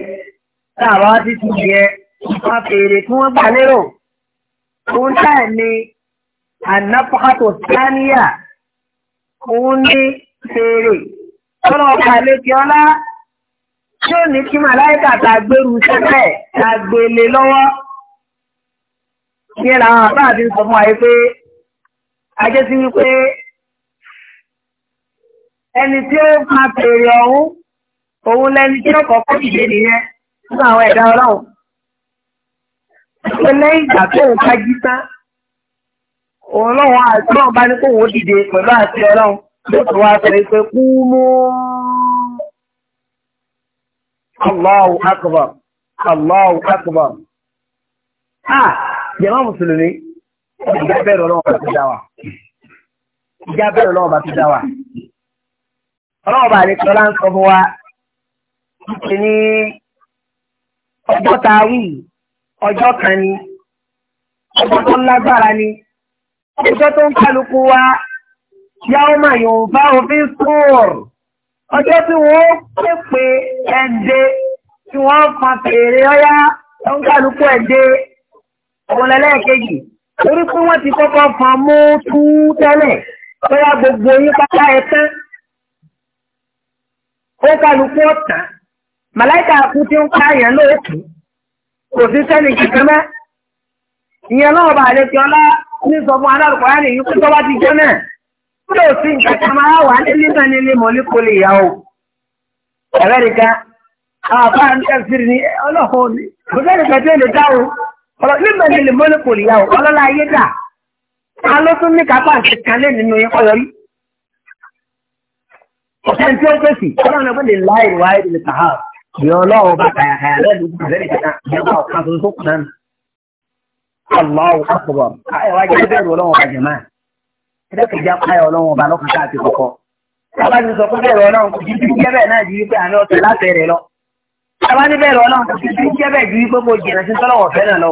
táàbá ti ti yẹ wọn fèrè tí wọ́n gbà lérò. Òun táà ọlá, tí ò ní kí màláìkà ta gbèrú sẹ́fẹ̀ lọ́wọ́ ìyẹn làwọn àbá àti sọ fún wa yìí pé ajé sí wípé ẹni tí ó máa bèrè ọ̀hún òun lẹni tí ó kọ́kọ́ dìde nìyẹn fún àwọn ẹ̀dá ọlọ́run. pé lẹ́yìn ìgbà tó ń bá jí tán òun lọ́wọ́ àti ọlọ́run bá ní kó òun dìde pẹ̀lú àti ọlọ́run ló tó wá sọ pé kú mú. Allahu akbar, Allahu akbar. Ah! jẹ̀mọ́ mùsùlùmí ìjà bẹ̀rẹ̀ ọlọ́wọ́ bá ti dá wa ìjà bẹ̀rẹ̀ ọlọ́wọ́ bá ti dá wa ọlọ́wọ́ bá lè tọ́lá ń sọ fún wa ṣe ní ọjọ́ ta wí ọjọ́ kan ni ọjọ́ tó lágbára ni ọjọ́ tó ń kálukú wa yàwó máa yòó bá òfin sùúrù ọjọ́ tí wọ́n pèpè ẹ̀ǹdẹ́ tí wọ́n fa fèrè ọyá tó ń kálukú ẹ̀ǹdẹ́ òun lẹ́lẹ́kejì torí pé wọ́n ti kọ́kọ́ fọn mú tú tẹ́lẹ̀ bóyá gbogbo yín pátá ẹ tán ó kálukú ọ̀tàn màláìka kú tí ń pààyàn lóòkù kò sí sẹ́ni kìkan mẹ́ ìyẹn náà bá lè fi ọlá ní sọ fún alárùkọ yá nìyí kó tó bá ti jẹ́ náà kó lè sí nǹkan kan máa wà nílé náà nílé mọ̀lẹ́kọ lè yà o ẹ̀rẹ́ nìkan àwọn afáàní ẹ̀sìn ní ọlọ́kọ̀ọ́ ní kò sẹ́ni kẹ́tẹ́ lè dá o ọ̀rọ̀ nígbà ní lè mọ́lẹ̀ kò lè yà ọ́ ọlọ́lá ayé dà á ló tún ní kápá àti kanlé nínú yín ọyọ rí. ọ̀sẹ̀ tí ó fèsì ọlọ́run ẹgbẹ́ lè láì wá èdè lè tàhà ìyọ ọlọ́run bá kàyàkàyà lẹ́nu ìbẹ̀rẹ̀ ìkẹta ìyọba ọ̀kan tó tó kù náà. Allahu akbar ayọ̀ wájú ẹgbẹ́ ìrù ọlọ́run ọba jẹ̀máà ẹgbẹ́ kejì ayọ̀ ọlọ́run ọba lọ́kàn káàkiri kọ̀kọ́. Bàbá mi sọ pé bẹ́ẹ̀rẹ̀ ọlọ́run kò jí jíjẹ́ bẹ́ẹ̀ náà jí wípé àná ọ̀sẹ̀ láti rẹ̀ lọ. Bàbá bẹ́ẹ̀rẹ̀ ọlọ́run kò jí jíjẹ́ bẹ́ẹ̀ jí wípé mo jìnà sí sọ́lọ́wọ̀ fẹ́ lọ.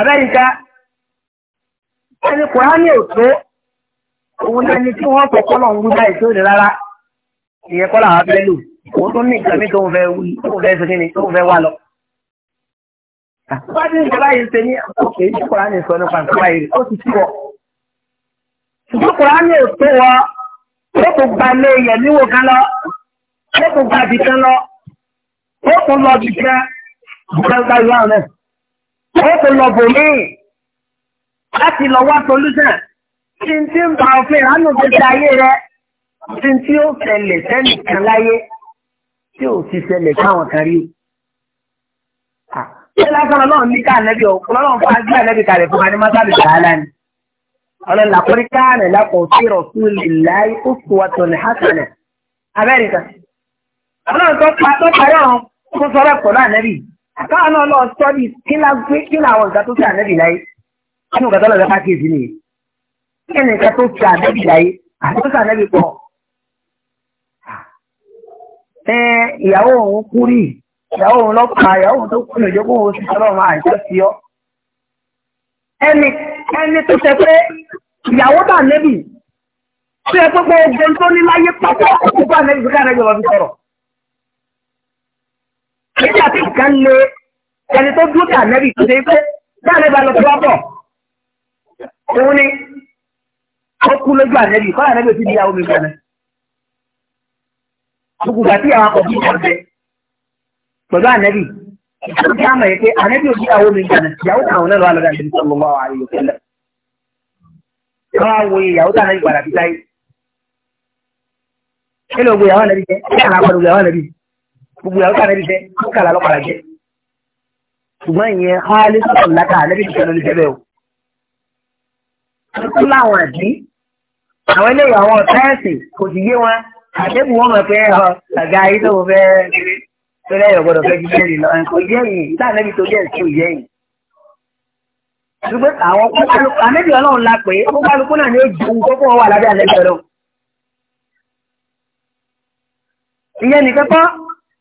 abẹ́yìnká ẹni kùránì ò tó òun lẹni tí wọ́n fọ̀ kọ́nà ń wí báyìí tó rárá ìyẹn kọ́ làwọn abẹ́ òun tó ní ìgbàmí tó ń fẹ́ wí tó ń fẹ́ ṣe kíni tó ń fẹ́ wà lọ. bá ti sọ nípa nǹkan báyìí ó ti tú wọ. ṣùgbọ́n wọ ó kò gba lọ ó kò gba lọ ó kò lọ ó tó lọ bò mí láti lọ wá solúsàn tí n tí ń bá ọ fẹ́ ránù gbèsè ayé rẹ tí n tí ó ṣẹlẹ̀ sẹ́nìkan láyé tí ò ti ṣẹlẹ̀ káwọn kan rí o. ṣé lásán ọlọ́run ní ká ànẹ́bí ọ̀pọ̀lọ́run fún agbé ànẹ́bí kalẹ̀ fún animátàbí sàálà ni. ọlọ́run làkúrí káàní lápò sí rasulillahi uswatun hasana abẹ́rìkà. ọlọ́run tó pa tó parí ọ̀run fún sọ́rọ̀ pẹ̀lú ànẹ́bí yìí káwọn náà lọ sọ́ọ́dì kí làwọn nǹkan tó fi ànábì láyé kí nǹkan tó lọ lọ́ka kéèsì nìyí kí nǹkan tó fi ànábì láyé àti tó fi ànábì pọ̀. ẹ ìyàwó òun kú rí ìyàwó òun lọ́pàá ìyàwó òun tó kú ní ìjókòó òun sì sọ́dọ̀ ọmọ àìsàn sí ọ. ẹni ẹni tó ṣe pé ìyàwó bá ànábì tó yẹ pé gbogbo ohun tó ní láyé pátá òkú bá ànábì tó ká ànábì lọ nígbà tí nǹkan lé ẹni tó dúró tà nẹ́bì tó ṣe pé dáàbí bá lọ sí wápọ̀ òun ni ó kú lójú ànẹ́bì kọ́ ànẹ́bì ti di ìyàwó mi gbọ́nà. gbogbo ìgbà tí àwọn akọ̀bí kan jẹ pẹ̀lú ànẹ́bì ó ti àmọ̀ yìí pé ànẹ́bì ò di ìyàwó mi gbọ́nà ìyàwó kan òun náà lọ́wọ́ lọ́dà ìdílé sọ́mọ́ wà áyè òkèlè. káwá wo ìyàwó tà ànẹ́bì padà bí láyé. kí ló gbé ìyàwó ànẹ́bì jẹ́ kí gbogbo yàrá kan ẹbí fẹ́ kó kàlà lọ́kàlà jẹ́ ṣùgbọ́n ìyẹn hálí sọ̀rọ̀ lákà lẹ́bí ìfẹ́ lórí jẹ́ bẹ́ẹ̀ o. kó láwọn àdí àwọn eléyìí àwọn sáyẹ́ǹsì kò sì yé wọn àdébù wọn mọ̀ pé ọ̀gá ayé tó fẹ́ fẹ́rẹ́ ẹ̀yọ̀ gbọ́dọ̀ fẹ́ jíjẹ́ rìn lọ kò yẹ yìí láàbẹ̀bí tó jẹ́ ìṣó yẹ yìí. ṣùgbọ́n àwọn àmẹ́bí ọlọ́run la pé kókó wà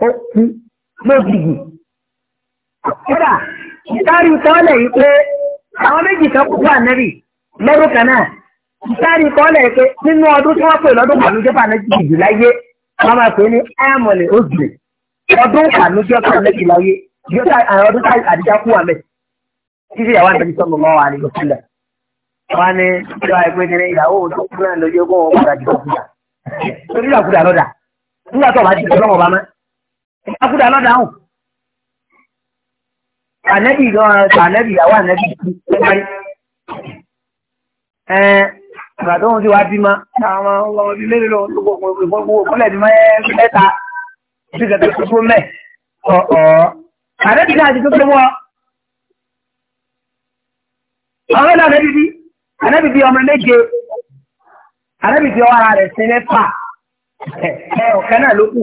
ó kú lójijì. Kódà ìsáàrí kọ́lẹ̀ yìí pé àwọn méjì kan kú ànẹ́bì lọ́dún kan náà. Ìsáàrí kọ́lẹ̀ yìí pé nínú ọdún tí wọ́n pè lọ́dún pàlújẹ́ pàlújẹ́ jù láyé, wọ́n máa pè ní ẹ̀mọ̀lẹ̀ òjì. Ọdún pàlújẹ́ pàlújẹ́ láyé, ọdún àdíjá kú àmẹ́. Títí ìyàwó àti ìsọ̀ mọ̀ wà ní ìgbòkúlẹ̀. Wọ́n ní ìjọba ìpín kiri ìyàwó òjò kúrò lójú ogún ọ̀gbọ̀n àdìgbòkúlẹ̀. Torí ìlàkúdà lọ́dà. Nígbà tó bá ti sọ́mọ̀ bá máa. akúdà lọ́dáhùn ànẹ́bì gan-an ànẹ́bì àwọn ànẹ́bì tó parí ẹ̀ẹ́n ìgbà tó ń ti wá bímọ àwọn ọmọ ọmọ bíi mélòó lọ́wọ́ ìpínlẹ̀ bímọ mẹ́ta sí ìgbà tó mẹ́ ànẹ́bì náà ti tó tó wọ́ ọ̀rọ̀ náà ànẹ́bì bí ànẹ́bì bí ọmọ méje ànẹ́bì bí ọwọ́ ara rẹ̀ sí ọ̀kẹ́ náà ló kù.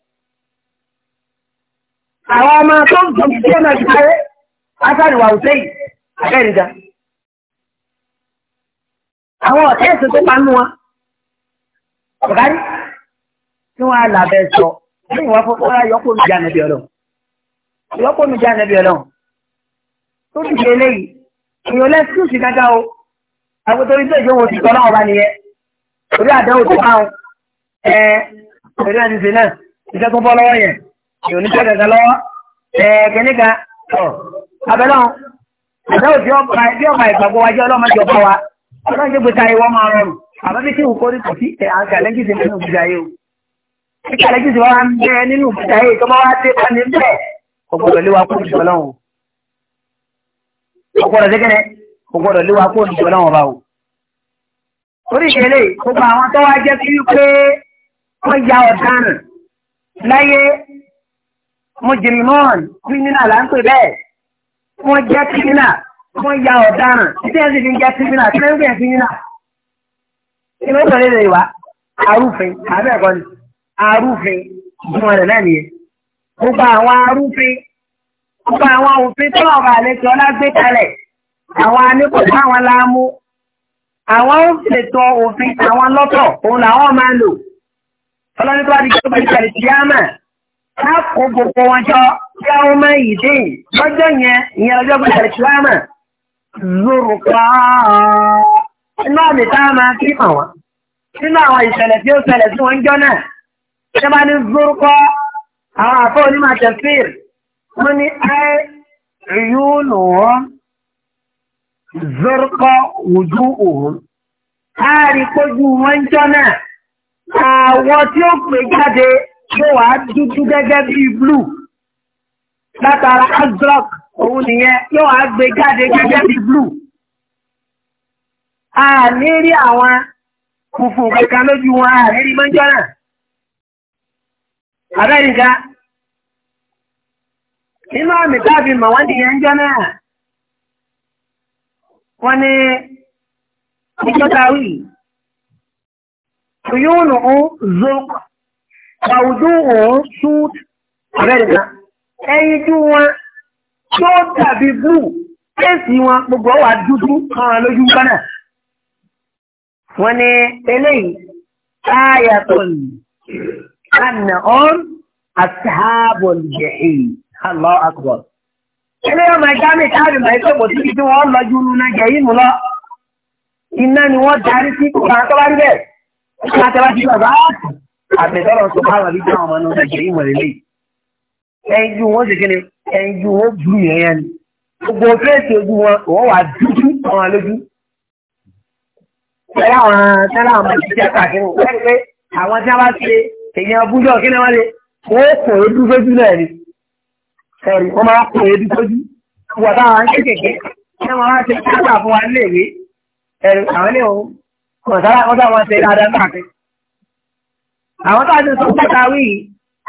àwọn ọmọ tó ń tó jẹ́ náà ti parẹ́ látàríwá òsèyí àbẹ́rìdá àwọn ọ̀tẹ́ ẹ̀sìn tó pa nù wọn ọ̀gárí tí wọ́n á sọ ní ìwọ́n fún mi jẹ́ ànẹ́bí ọlọ́run yọ́pọ̀ mi jẹ́ tó ti ṣe eléyìí èèyàn lẹ́sìn sí dáadáa o àwọn torí ti ọba nìyẹn torí tó èyí ò ní tẹ́ kankan lọ́wọ́ ẹ̀ẹ́kẹ́ni kan ọ̀ abẹ́lẹ́ wọn àdáwò tí ọba tí ọba ìgbàgbọ́ wa jẹ́ ọlọ́mọdé ọba wa ọlọ́run jẹ́ gbèsè ayé wọn máa rọrùn àbábí tí nǹkan orí kò sí ẹ̀ àǹkà lẹ́gìsì nínú ìgbésí ayé o ìgbà lẹ́gìsì wa ń bẹ nínú ìgbésí ayé tó bá wá dé wá ní bẹ́ẹ̀ ọgbọ́dọ̀ lé wa kó ìjọ ọlọ́run ọgbọ́dọ̀ lẹ́gẹ̀rẹ́ ọgbọ́dọ̀ lé wa kó ìjọ ọlọ́run ọba o orí ìṣẹ̀lẹ̀ gbogbo àwọn tó wá jẹ́ kí wọ́n ya ọ̀daràn láyé mujrimon kírímínà là ń pè bẹ́ẹ̀ wọ́n jẹ́ kírímínà wọ́n ya ọ̀daràn títí ẹ̀ sì fi ń jẹ́ kírímínà tí wọ́n ń gbìyànjú kírímínà. ìlú ìtọ́lé lè wá arúfin àbẹ́ ẹ̀kọ́ ni arúfin ìjùmọ̀ rẹ̀ náà nìyẹn. gbogbo àwọn arúfin gbogbo àwọn òfin tó lọ́ọ̀ bá àlejò ọlá gbé kalẹ̀ àwọn anípòtò àwọn láàmú àwọn ṣètò òfin àwọn lọ́tọ̀ òun làwọn máa lò ọlọ́ni tó bá di gbogbo ìṣẹ̀lẹ̀ láàkó gbogbo wọn jọ kí a ó máa yìí dé lọ́jọ́ yẹn ìyẹn ọjọ́ gbé ṣẹlẹ̀ ṣíláàmà zòrò pa inú àmì tá a máa fi hàn wọ́n nínú àwọn ìṣẹ̀lẹ̀ tí ó ṣẹlẹ̀ sí wọn jọ náà ṣé bá ní zòrò pa àwọn àfọ onímọ̀ tẹ̀síìr wọ́n ní ẹ́ ìyún nù wọ́n zòrò pa ojú òun láàrin pójú wọn jọ náà àwọn tí ó pè jáde ṣé wàá dúdú gẹ́gẹ́ bíi blue látara azrak òun nìyẹn yóò wá gbé jáde gẹ́gẹ́ bí blue. a ní rí àwọn funfun kankan lójú wọn a rí mọ́jọ́ náà. abẹ́nìká nínú àmì táàbí mọ̀ wọ́n nìyẹn ń jọ náà. wọ́n ní ìjọba wí. Tuyúnù ń zokò àwùjọ òun tú àbẹ́rẹ̀dá ẹyinjú wọn tó dàbí blue kéèsì wọn gbogbo wà dúdú kan lójú kánà wọn ni eléyìí ayatollah anna on ashabul jahim allah akbar eléyìí ọmọ ẹja mi káàdì máa ń sọ̀bọ̀ síbi tí wọ́n lọ́jú nínú jẹ̀yìn mú lọ iná ni wọ́n darí sí kòkòrò àtọ́wárí bẹ́ẹ̀ kí wọ́n tẹ́wá sí bàbá ààtùn àtẹ̀tọ́rọ̀ sọ bá wàbí táwọn ọmọ náà ṣe ìwọ̀n lélẹ̀ ẹnjú wọn ṣe kíni ẹnjú wọn blu yẹn yẹn ni gbogbo fèsì ojú wọn wọn wà dúdú àwọn lójú tẹ́lá àwọn tẹ́lá àwọn ìṣiṣẹ́ káàkiri wọn wọ́n pé àwọn tí wọ́n bá ṣe èèyàn bújọ́ kí ni wọ́n lè wọ́n kò é dúdú sójú náà ni ẹ̀rì wọ́n máa kò é dúdú sójú wọ́n táwọn kéékèèké ṣé wọ́n wá ṣe kí wọ́n gbà fún wa nílé ìwé ẹ̀rì àwọn ilé òun kọ̀ọ̀tà àwọn tá a sọ pátá wí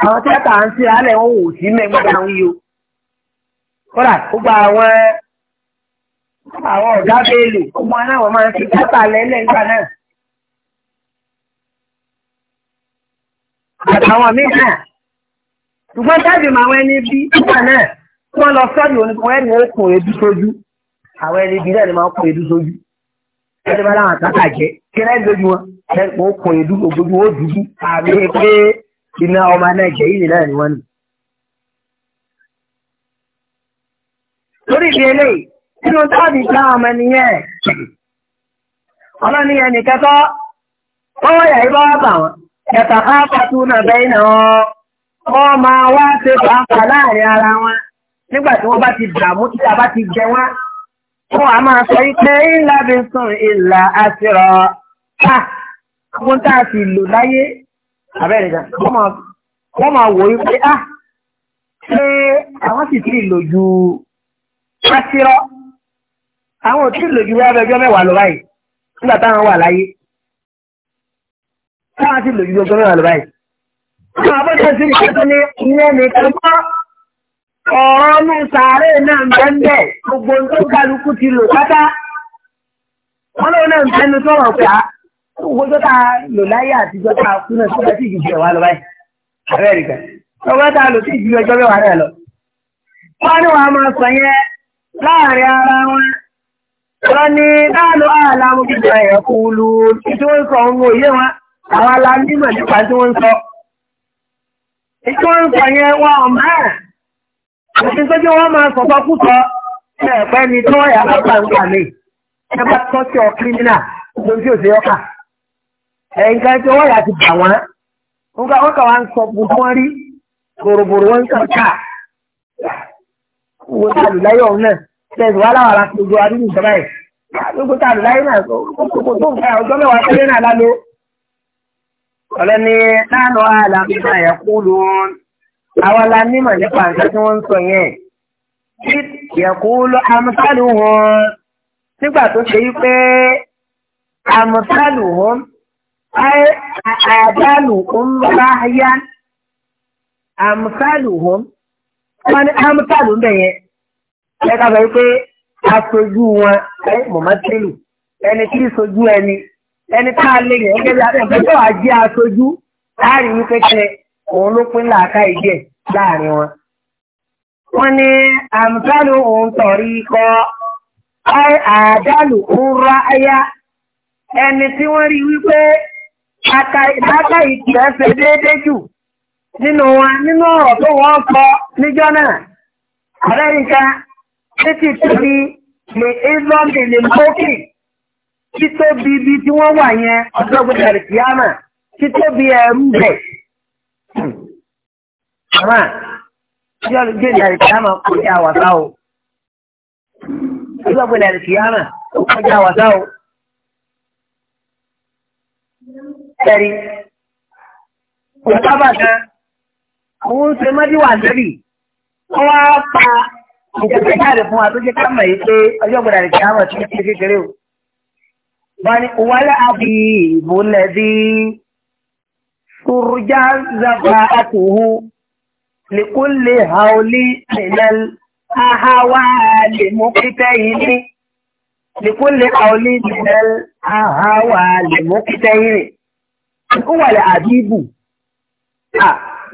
àwọn tíátà ń ṣe alẹ́ wọn ò sí mẹ́gbẹ́ta wí o kódà gbogbo àwọn àwọn ọ̀gá béèlì ọmọ aláwọ̀ máa ń fi tíátà lẹ́lẹ̀ nígbà náà. àtàwọn míì náà ṣùgbọ́n jáde mọ àwọn ẹni bí nígbà náà tí wọ́n lọ sọ́ọ̀dì oníkùnrin ẹni ó kùn edu sójú àwọn ẹni bí náà ni máa ń kùn edu sójú ẹni bá láwọn àtàkà jẹ kí náà ń wọn kẹ́kọ̀ọ́ kọ ìlú gbogbo ó dúdú àbí pé iná ọmọ nàìjíríà yìí náà ni wọ́n ní. lórí ìdí eléyìí nínú táàbì ìjà ọmọ nìyẹn ọlọ́ni ẹnì kẹ́kọ́ ọwọ́ yàrá ibà wà bà wọ́n ẹ̀ka káàpàtú náà bẹ́ẹ̀ náà wọ́n máa wá ṣe pàápàá láàrin ara wọn nígbà tí wọ́n bá ti dààmú tí a bá ti jẹ wọ́n. Wọ́n a máa sọ pé ńlá bí sùn ìlà àṣírọ̀ ọgbọ́n tá a sì lò láyé abẹ́rẹ́ gan wọ́n máa wò ó pé ah ṣé àwọn sì ti lò ju pásírọ́ àwọn ò tí ì lò ju wíwá bẹjọ́ mẹ́wàá lọ báyìí nígbà táwọn wà láyé táwọn sì lò ju bẹjọ́ mẹ́wàá lọ báyìí. àwọn abọ́dé sí ní kẹ́kọ̀ọ́ ní ilé nìkan kọ́ ọ̀rọ̀ ọmọ sàárè náà ń bẹ́ ń bẹ́ gbogbo nǹkan kálukú ti lò pátá wọ́n lóun náà ń bẹ́nu sọ̀rọ̀ pé ah, owó tá lò sí ìjìnlẹ̀ ọjọ́ mẹ́wàá náà lọ. wọ́n ní wàá máa sọ yẹn láàrin ara wọn wọ́n ní láàánú àlàmú kíkọ ẹ̀yọ́ kú lu tí wọ́n sọ ohun òye wọn àwọn alámímọ̀ nípa tí wọ́n sọ. tí wọ́n sọ yẹn wọ́n máa ẹ̀yìn kan tí wọ́n yà ti bà wọ́n wọ́n kà wá ń sọ gbogbo wọn rí bòròbòrò wọn kà ká wo tá a lù láyé ọ̀hún náà tẹ̀sí wàhálà wà láti gbogbo àdúgbò ìjọba yìí gbogbo tá a lù láyé náà kókò tó ń fa ọjọ́ mẹ́wàá tẹ́lẹ̀ náà lálo. ọ̀rẹ́ ni nánú àlàmúta ẹ̀ kú ló ń àwọn la nípa nǹkan tí wọ́n ń sọ yẹn yẹ kú ló amúsálù wọn nígbà tó ṣe yí pé amúsálù wọn. أعدالهم رعيا أمثالهم wọ́n ní amútàlù bẹ̀yẹn lẹ́ka sọ pé aṣojú wọn ẹ mọ̀mọ́tẹ́lù ẹni tí sojú ẹni ẹni tá a lè yẹn gẹ́gẹ́ bí abẹ́fẹ́ tó wàá jẹ́ aṣojú láàrin wípé kẹ òun ló pín làákà ìjẹ́ láàrin wọn. wọ́n ní amútàlù òun tọ̀rí kọ́ àdálù òun ra ẹyá ẹni tí wọ́n rí wípé Àkàìdákà ìtìlẹ̀ ṣe déédé jù nínú wa nínú ọ̀rọ̀ tó wọ́n sọ níjọ́ náà. Àrẹ́ríkà títí tóbi lè Islam lè mókè títóbi ibi tí wọ́n wà yẹn ọ̀dọ́gbọ̀n Ẹ̀rìkìyàmà títóbi ẹ̀rú bẹ̀. Àmà tí ọ̀dọ́gbọ̀n Ẹ̀rìkìyàmà kò jẹ́ àwàsá o. Ọ̀dọ́gbọ̀n Ẹ̀rìkìyàmà kò jẹ́ àwàsá o. ẹ̀rí òtábà kan àwọn ń ṣe mọ́díwà lórí wọ́n wá pa ìjọba jáde fún wa tó jẹ́ ká mọ̀ yìí pé ọjọ́ gbọ́dọ̀ àti àmọ̀ tí kí kékeré o. wọ́n ní wàlẹ́ àbí ìbò lẹ́bí sùrùjá zàgbà àtòhù lèkúnlé haolí nìlẹ́l ahawa lè mú kíkẹ́ yìí ní lèkúnlé haolí nìlẹ́l ahawa lè mú kíkẹ́ yìí ní ó wà lẹ́ àbíbù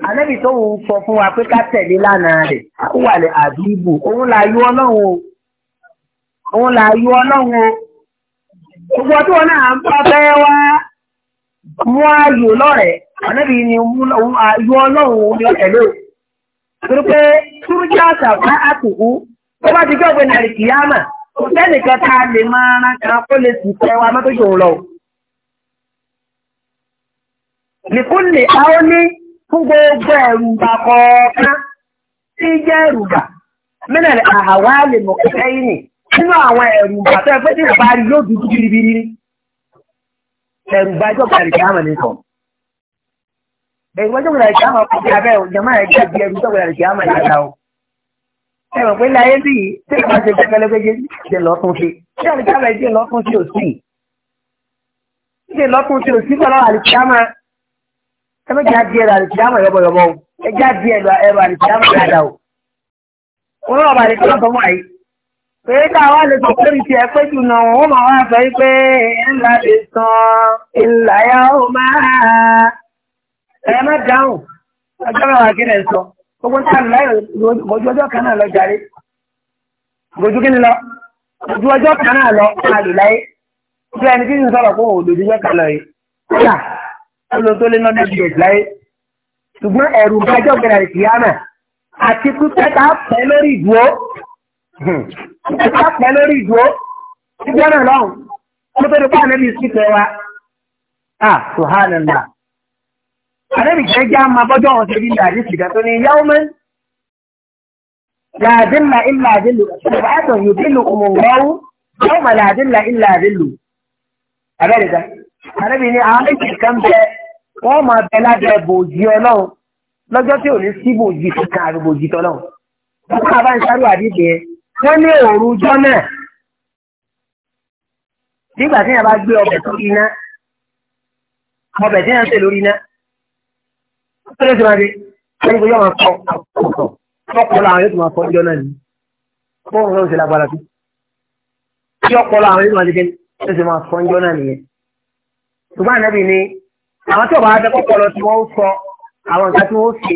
ànábì tó ń sọ fún wa pé ká tẹ̀lé lánàá rẹ̀ ó wà lẹ́ àbíbù òun là yọ ọlọ́run o òun là yọ ọlọ́run o gbogbo tí wọn náà ń bá bẹ́ẹ̀ wá mú ayò lọ́rẹ̀ẹ́ ànábì ni yọ ọlọ́run ni ó tẹ̀lé o torí pé túrújà sàbá àtùkù tó bá ti gbọ́ pé nàìjíríà mà kò sẹ́nìkan tá a lè máa rán kan kó lè sì tẹ́ wa mọ́tò yòó lọ nìkúnlẹ̀ àwọn ní fún gbogbo ẹ̀rùbà kọ̀ọ̀kan tí jẹ́ ẹ̀rùbà mílẹ̀ àhàwálè mọ̀kẹ́kẹ́ yìí nì nínú àwọn ẹ̀rùbà tó ẹgbẹ́ tí ìbá rí yóò dúdú biribiri ẹ̀rùbà ìjọba ìrìkà àmà nìkan ẹ̀rùbà ìjọba ìrìkà àmà kọjá abẹ́ ìjọba ìrìkà bí ẹ̀rù ìjọba ìrìkà àmà ìyàtà o ẹ mọ̀ pé láyé bí tí ìbá ṣe gbẹgbẹlẹgbẹjẹ ṣe lọ́tún ṣe ṣé àlùkà àmà ìjẹ́ lọ́tún ṣe ò sí ìjẹ́ lọ́tún ṣe ò pẹ̀lú àlùkà àmà ẹ méjì á di ẹ̀rọ àlùkìyàmọ̀ yọ̀bọ̀yọ̀bọ̀ o ẹ já di ẹ̀rọ àlùkìyàmọ̀ dáadáa o. wọn náà bàlẹ̀ tí wọ́n àyè pé káwa lè sọ pé ìtì ẹ pé jù náà wọn máa wá sọ pé ńlá lè san ìlàyà ó máa ẹ má dáhùn ọjọ́ mẹ́wàá kí lẹ̀ sọ gbogbo nǹkan láyọ̀ ojú ọjọ́ kan náà lọ jàre ojú kí ni lọ ojú ọjọ́ kan náà lọ máa lò láyé ojú ẹni tí ń sọ̀rọ̀ fún òdòdó ọjọ́ kan lọ yìí ọlọ́ tó lé lọ́dún ìdíje láyé ṣùgbọ́n ẹ̀rù bájọ́ gbẹ̀rẹ̀ ìkìyàmẹ̀ àti kúkẹ́ta pẹ́ lórí ìdúró kúkẹ́ta pẹ́ lórí ìdúró ṣùgbọ́n náà lọ́hùn ọmọ tó lè pa ànábì sí pẹ́ wa à sùhánàlá ànábì jẹ́ já máa bọ́jọ́ ọ̀hún ṣe bí ìdàdí ṣìgá tó ní yáwó mẹ́ làdínlà ìlà àdínlù ṣùgbọ́n àtọ̀ yóò dínlù òmùngbọ́wó yáwó mà làdínlà ìlà àdínlù àbẹ́rẹ̀ wọ́n máa bẹ lábẹ́ bòjì ọlọ́run lọ́jọ́ tí ò ní sí bòjì kíkà àrùn bòjì tọ́lọ́run. Bàbá Abáńsáró àdìgbé wọ́n ní òru ọjọ́ náà. Nígbà tí yẹn bá gbé ọbẹ̀ tó iná, ọbẹ̀ tí yẹn ń tè lórí iná, ó tẹ́lẹ̀ tí wọ́n dé, wọ́n ní kó yọ̀ máa kọ́ ọ̀pọ̀ ọ̀pọ̀ làwọn yóò tún máa kọ́ ọjọ́ náà ní. Fóònù náà ń ṣe lágbára tó. Yọ̀pọ̀ làwọn yóò tún máa ṣe kí àwọn tí ọba adé kọkọ lọ tí wọn sọ àwọn nǹkan tí wọn ṣe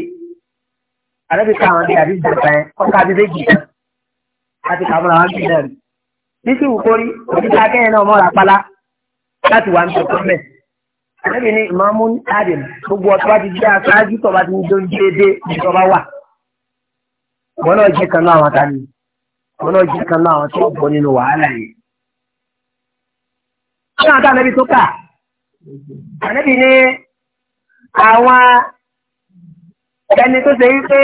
àdébí ká àwọn àdébí dàgbà yẹn ọkọ àdébí jìnnà àti kàmúra wọn jìnnà rí ní sí ìwúkórí òtítà akẹ́yìn náà mọ́ra pálá láti wà ní ọ̀tọ́ mẹ́ àdébí ní ìmọ̀ọ́mú àdìm gbogbo ọtọ́ bá ti jẹ́ aṣáájú tọ́ba ti ń dóni déédé ìjọba wà wọn náà jẹ́ kan náà àwọn tani wọn náà jẹ́ kan náà àwọn tó bọ́ nínú wàhálà yìí. Ànábì ní àwọn ẹni tó ṣe wípé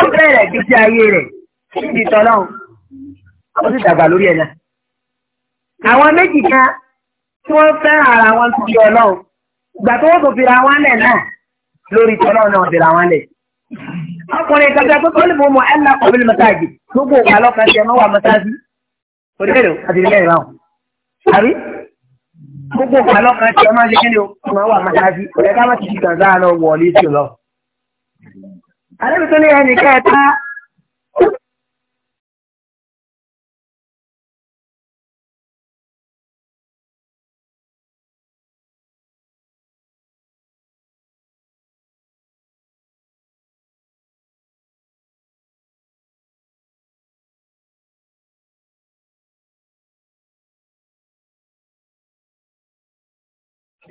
ó bẹ̀rẹ̀ gbígbé ayé rẹ̀ níbi tọ́lọ́hún ó sì dàgbà lórí ẹ̀ náà. Àwọn méjì kan tí wọ́n fẹ́ ara wọn ti di ọlọ́run ìgbà tó wọ́n kò fira wọn lẹ̀ náà lórí tọ́lọ́run náà fira wọn lẹ̀. Ọkùnrin kan tó kọ́ lóbo mọ ẹ̀la kọ̀bílì mọ́sáàjì gbogbo ìgbà lọ́kàn ṣe ọmọ wa mọ́sáàjì. Òdìbẹ̀rẹ̀ àti ìdílé ìrọ̀ gbogbo ìgbà lọ́kàn tí ọmọ ṣe ní ọmọ wà mọ́ṣáájú ọ̀rẹ́ ká ti fi kàn sáà wọlé sí lọ. àlébìtún ní ẹnì kẹta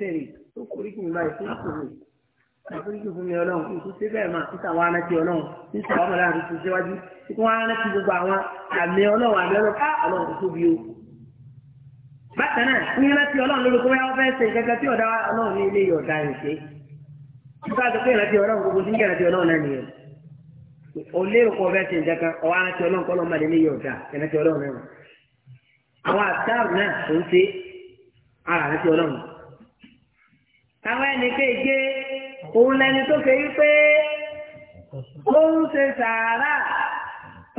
bẹ̀rẹ̀ tó foríkì mi báyìí fún ìṣòro àforíkì fún mi ọlọ́run kí n tún ṣe bẹ́ẹ̀ máa títà wọn arántí ọlọ́run títà wọn mọ̀lá àti tún síwájú tí wọ́n arántí gbogbo àwọn àmì ọlọ́run àmì ọlọ́run ká ọlọ́run tó tóbi o. bákan náà ní ìrántí ọlọ́run lórí kó yáwó fẹ́ẹ́ ṣe kẹ́kẹ́ tí ọ̀dà ọlọ́run ní ilé ọ̀dà rẹ̀ ṣe. nípa àti pé ìrántí ọlọ́run gbogbo ti ń kẹ́rántí ọlọ́run náà nìyẹn. o lérò kó fẹ́ẹ́ ṣe nǹkan ọwọ́ arántí ọlọ́run kọ́ lọ́mọdé ní ilé ọ̀dà kẹ́rántí ọlọ́run náà. àwọn àtàrù náà ò ń ṣe ara àrántí ọlọ́run àwọn ẹnìkéje òun lẹni tó ṣe wípé ó ń ṣe sàárà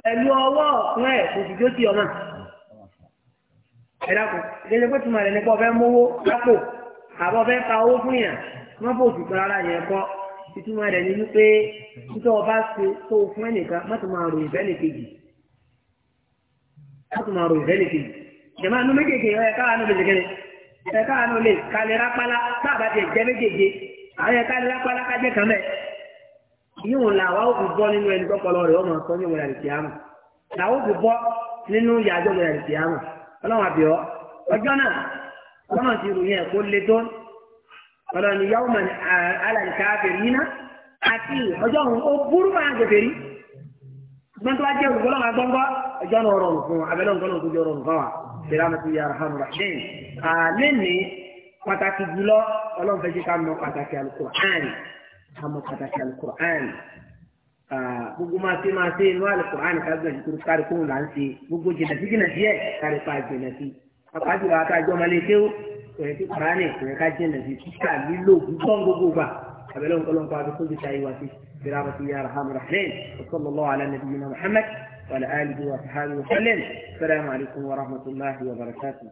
pẹ̀lú ọwọ́ ọ̀tún ẹ̀ kò sì jó ti ọmọ. ẹ dákun ìdẹ́jẹ́ pé tùmọ̀ rẹ̀ nípa ọ̀fẹ́ mówó lápò àbọ̀ fẹ́ pa owó fún yàn wọ́n bò sì kọ́ra yẹn kọ́ ìtumọ̀ rẹ̀ ni wípé títọ́ ọba ṣe tó fún ẹnìkan mọ́tò máa rò ìfẹ́ nìkejì mọ́tò máa rò ìfẹ́ nìkejì jẹ̀máà nú méjèèjì ọ̀yẹ́ káwa náà lè ẹ̀ka àánú lè kalẹ̀ rápálá tá a bá ti jẹ́ méjèèjì àwọn ẹ̀ka lè rápálá kájẹ́ kan mẹ́. yíwọ̀n làwa ó fi bọ́ nínú ẹni tọ́pọ̀lọ́ rẹ̀ ọmọ sọ ní ìwé àlùkí àmọ̀ làwa ó fi bọ́ nínú yàjọ́ ìwé àlùkí àmọ̀ ọlọ́run àbíọ́ ọjọ́ náà ọlọ́run ti rò yẹn kó le tó ọlọ́run ìyá ọmọ alàlùkà àbẹ̀rẹ̀ yín ná àti ọjọ́ òun ó burú máa gbèbè rí gbọ́ntọ́ wá bẹ̀rẹ̀ ya rahman rahim àlẹ́ ní pàtàkì jùlọ ọlọ́run fẹ́ jẹ́ ká mọ pàtàkì alukur'an ká mọ pàtàkì alukur'an gbogbo máa ṣe máa ṣe inú alukur'an ká gbẹ̀dẹ̀ tó kárí kóhùn là ń ṣe gbogbo jìnnà sí jìnnà díẹ̀ kárí pa jìnnà sí apá jùlọ àtàjọ ọmọ ilé kéwò kòyẹ kí kùránì kòyẹ ká jìnnà sí kíkà lílo gbọ́n gbogbo gbà abẹ́lẹ́ òǹkọ́lọ́ǹkọ́ adókòjì táyé wá sí bẹ̀rẹ̀ وعلى آله وصحبه وسلم السلام عليكم ورحمة الله وبركاته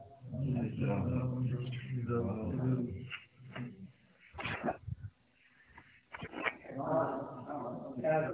Thank you.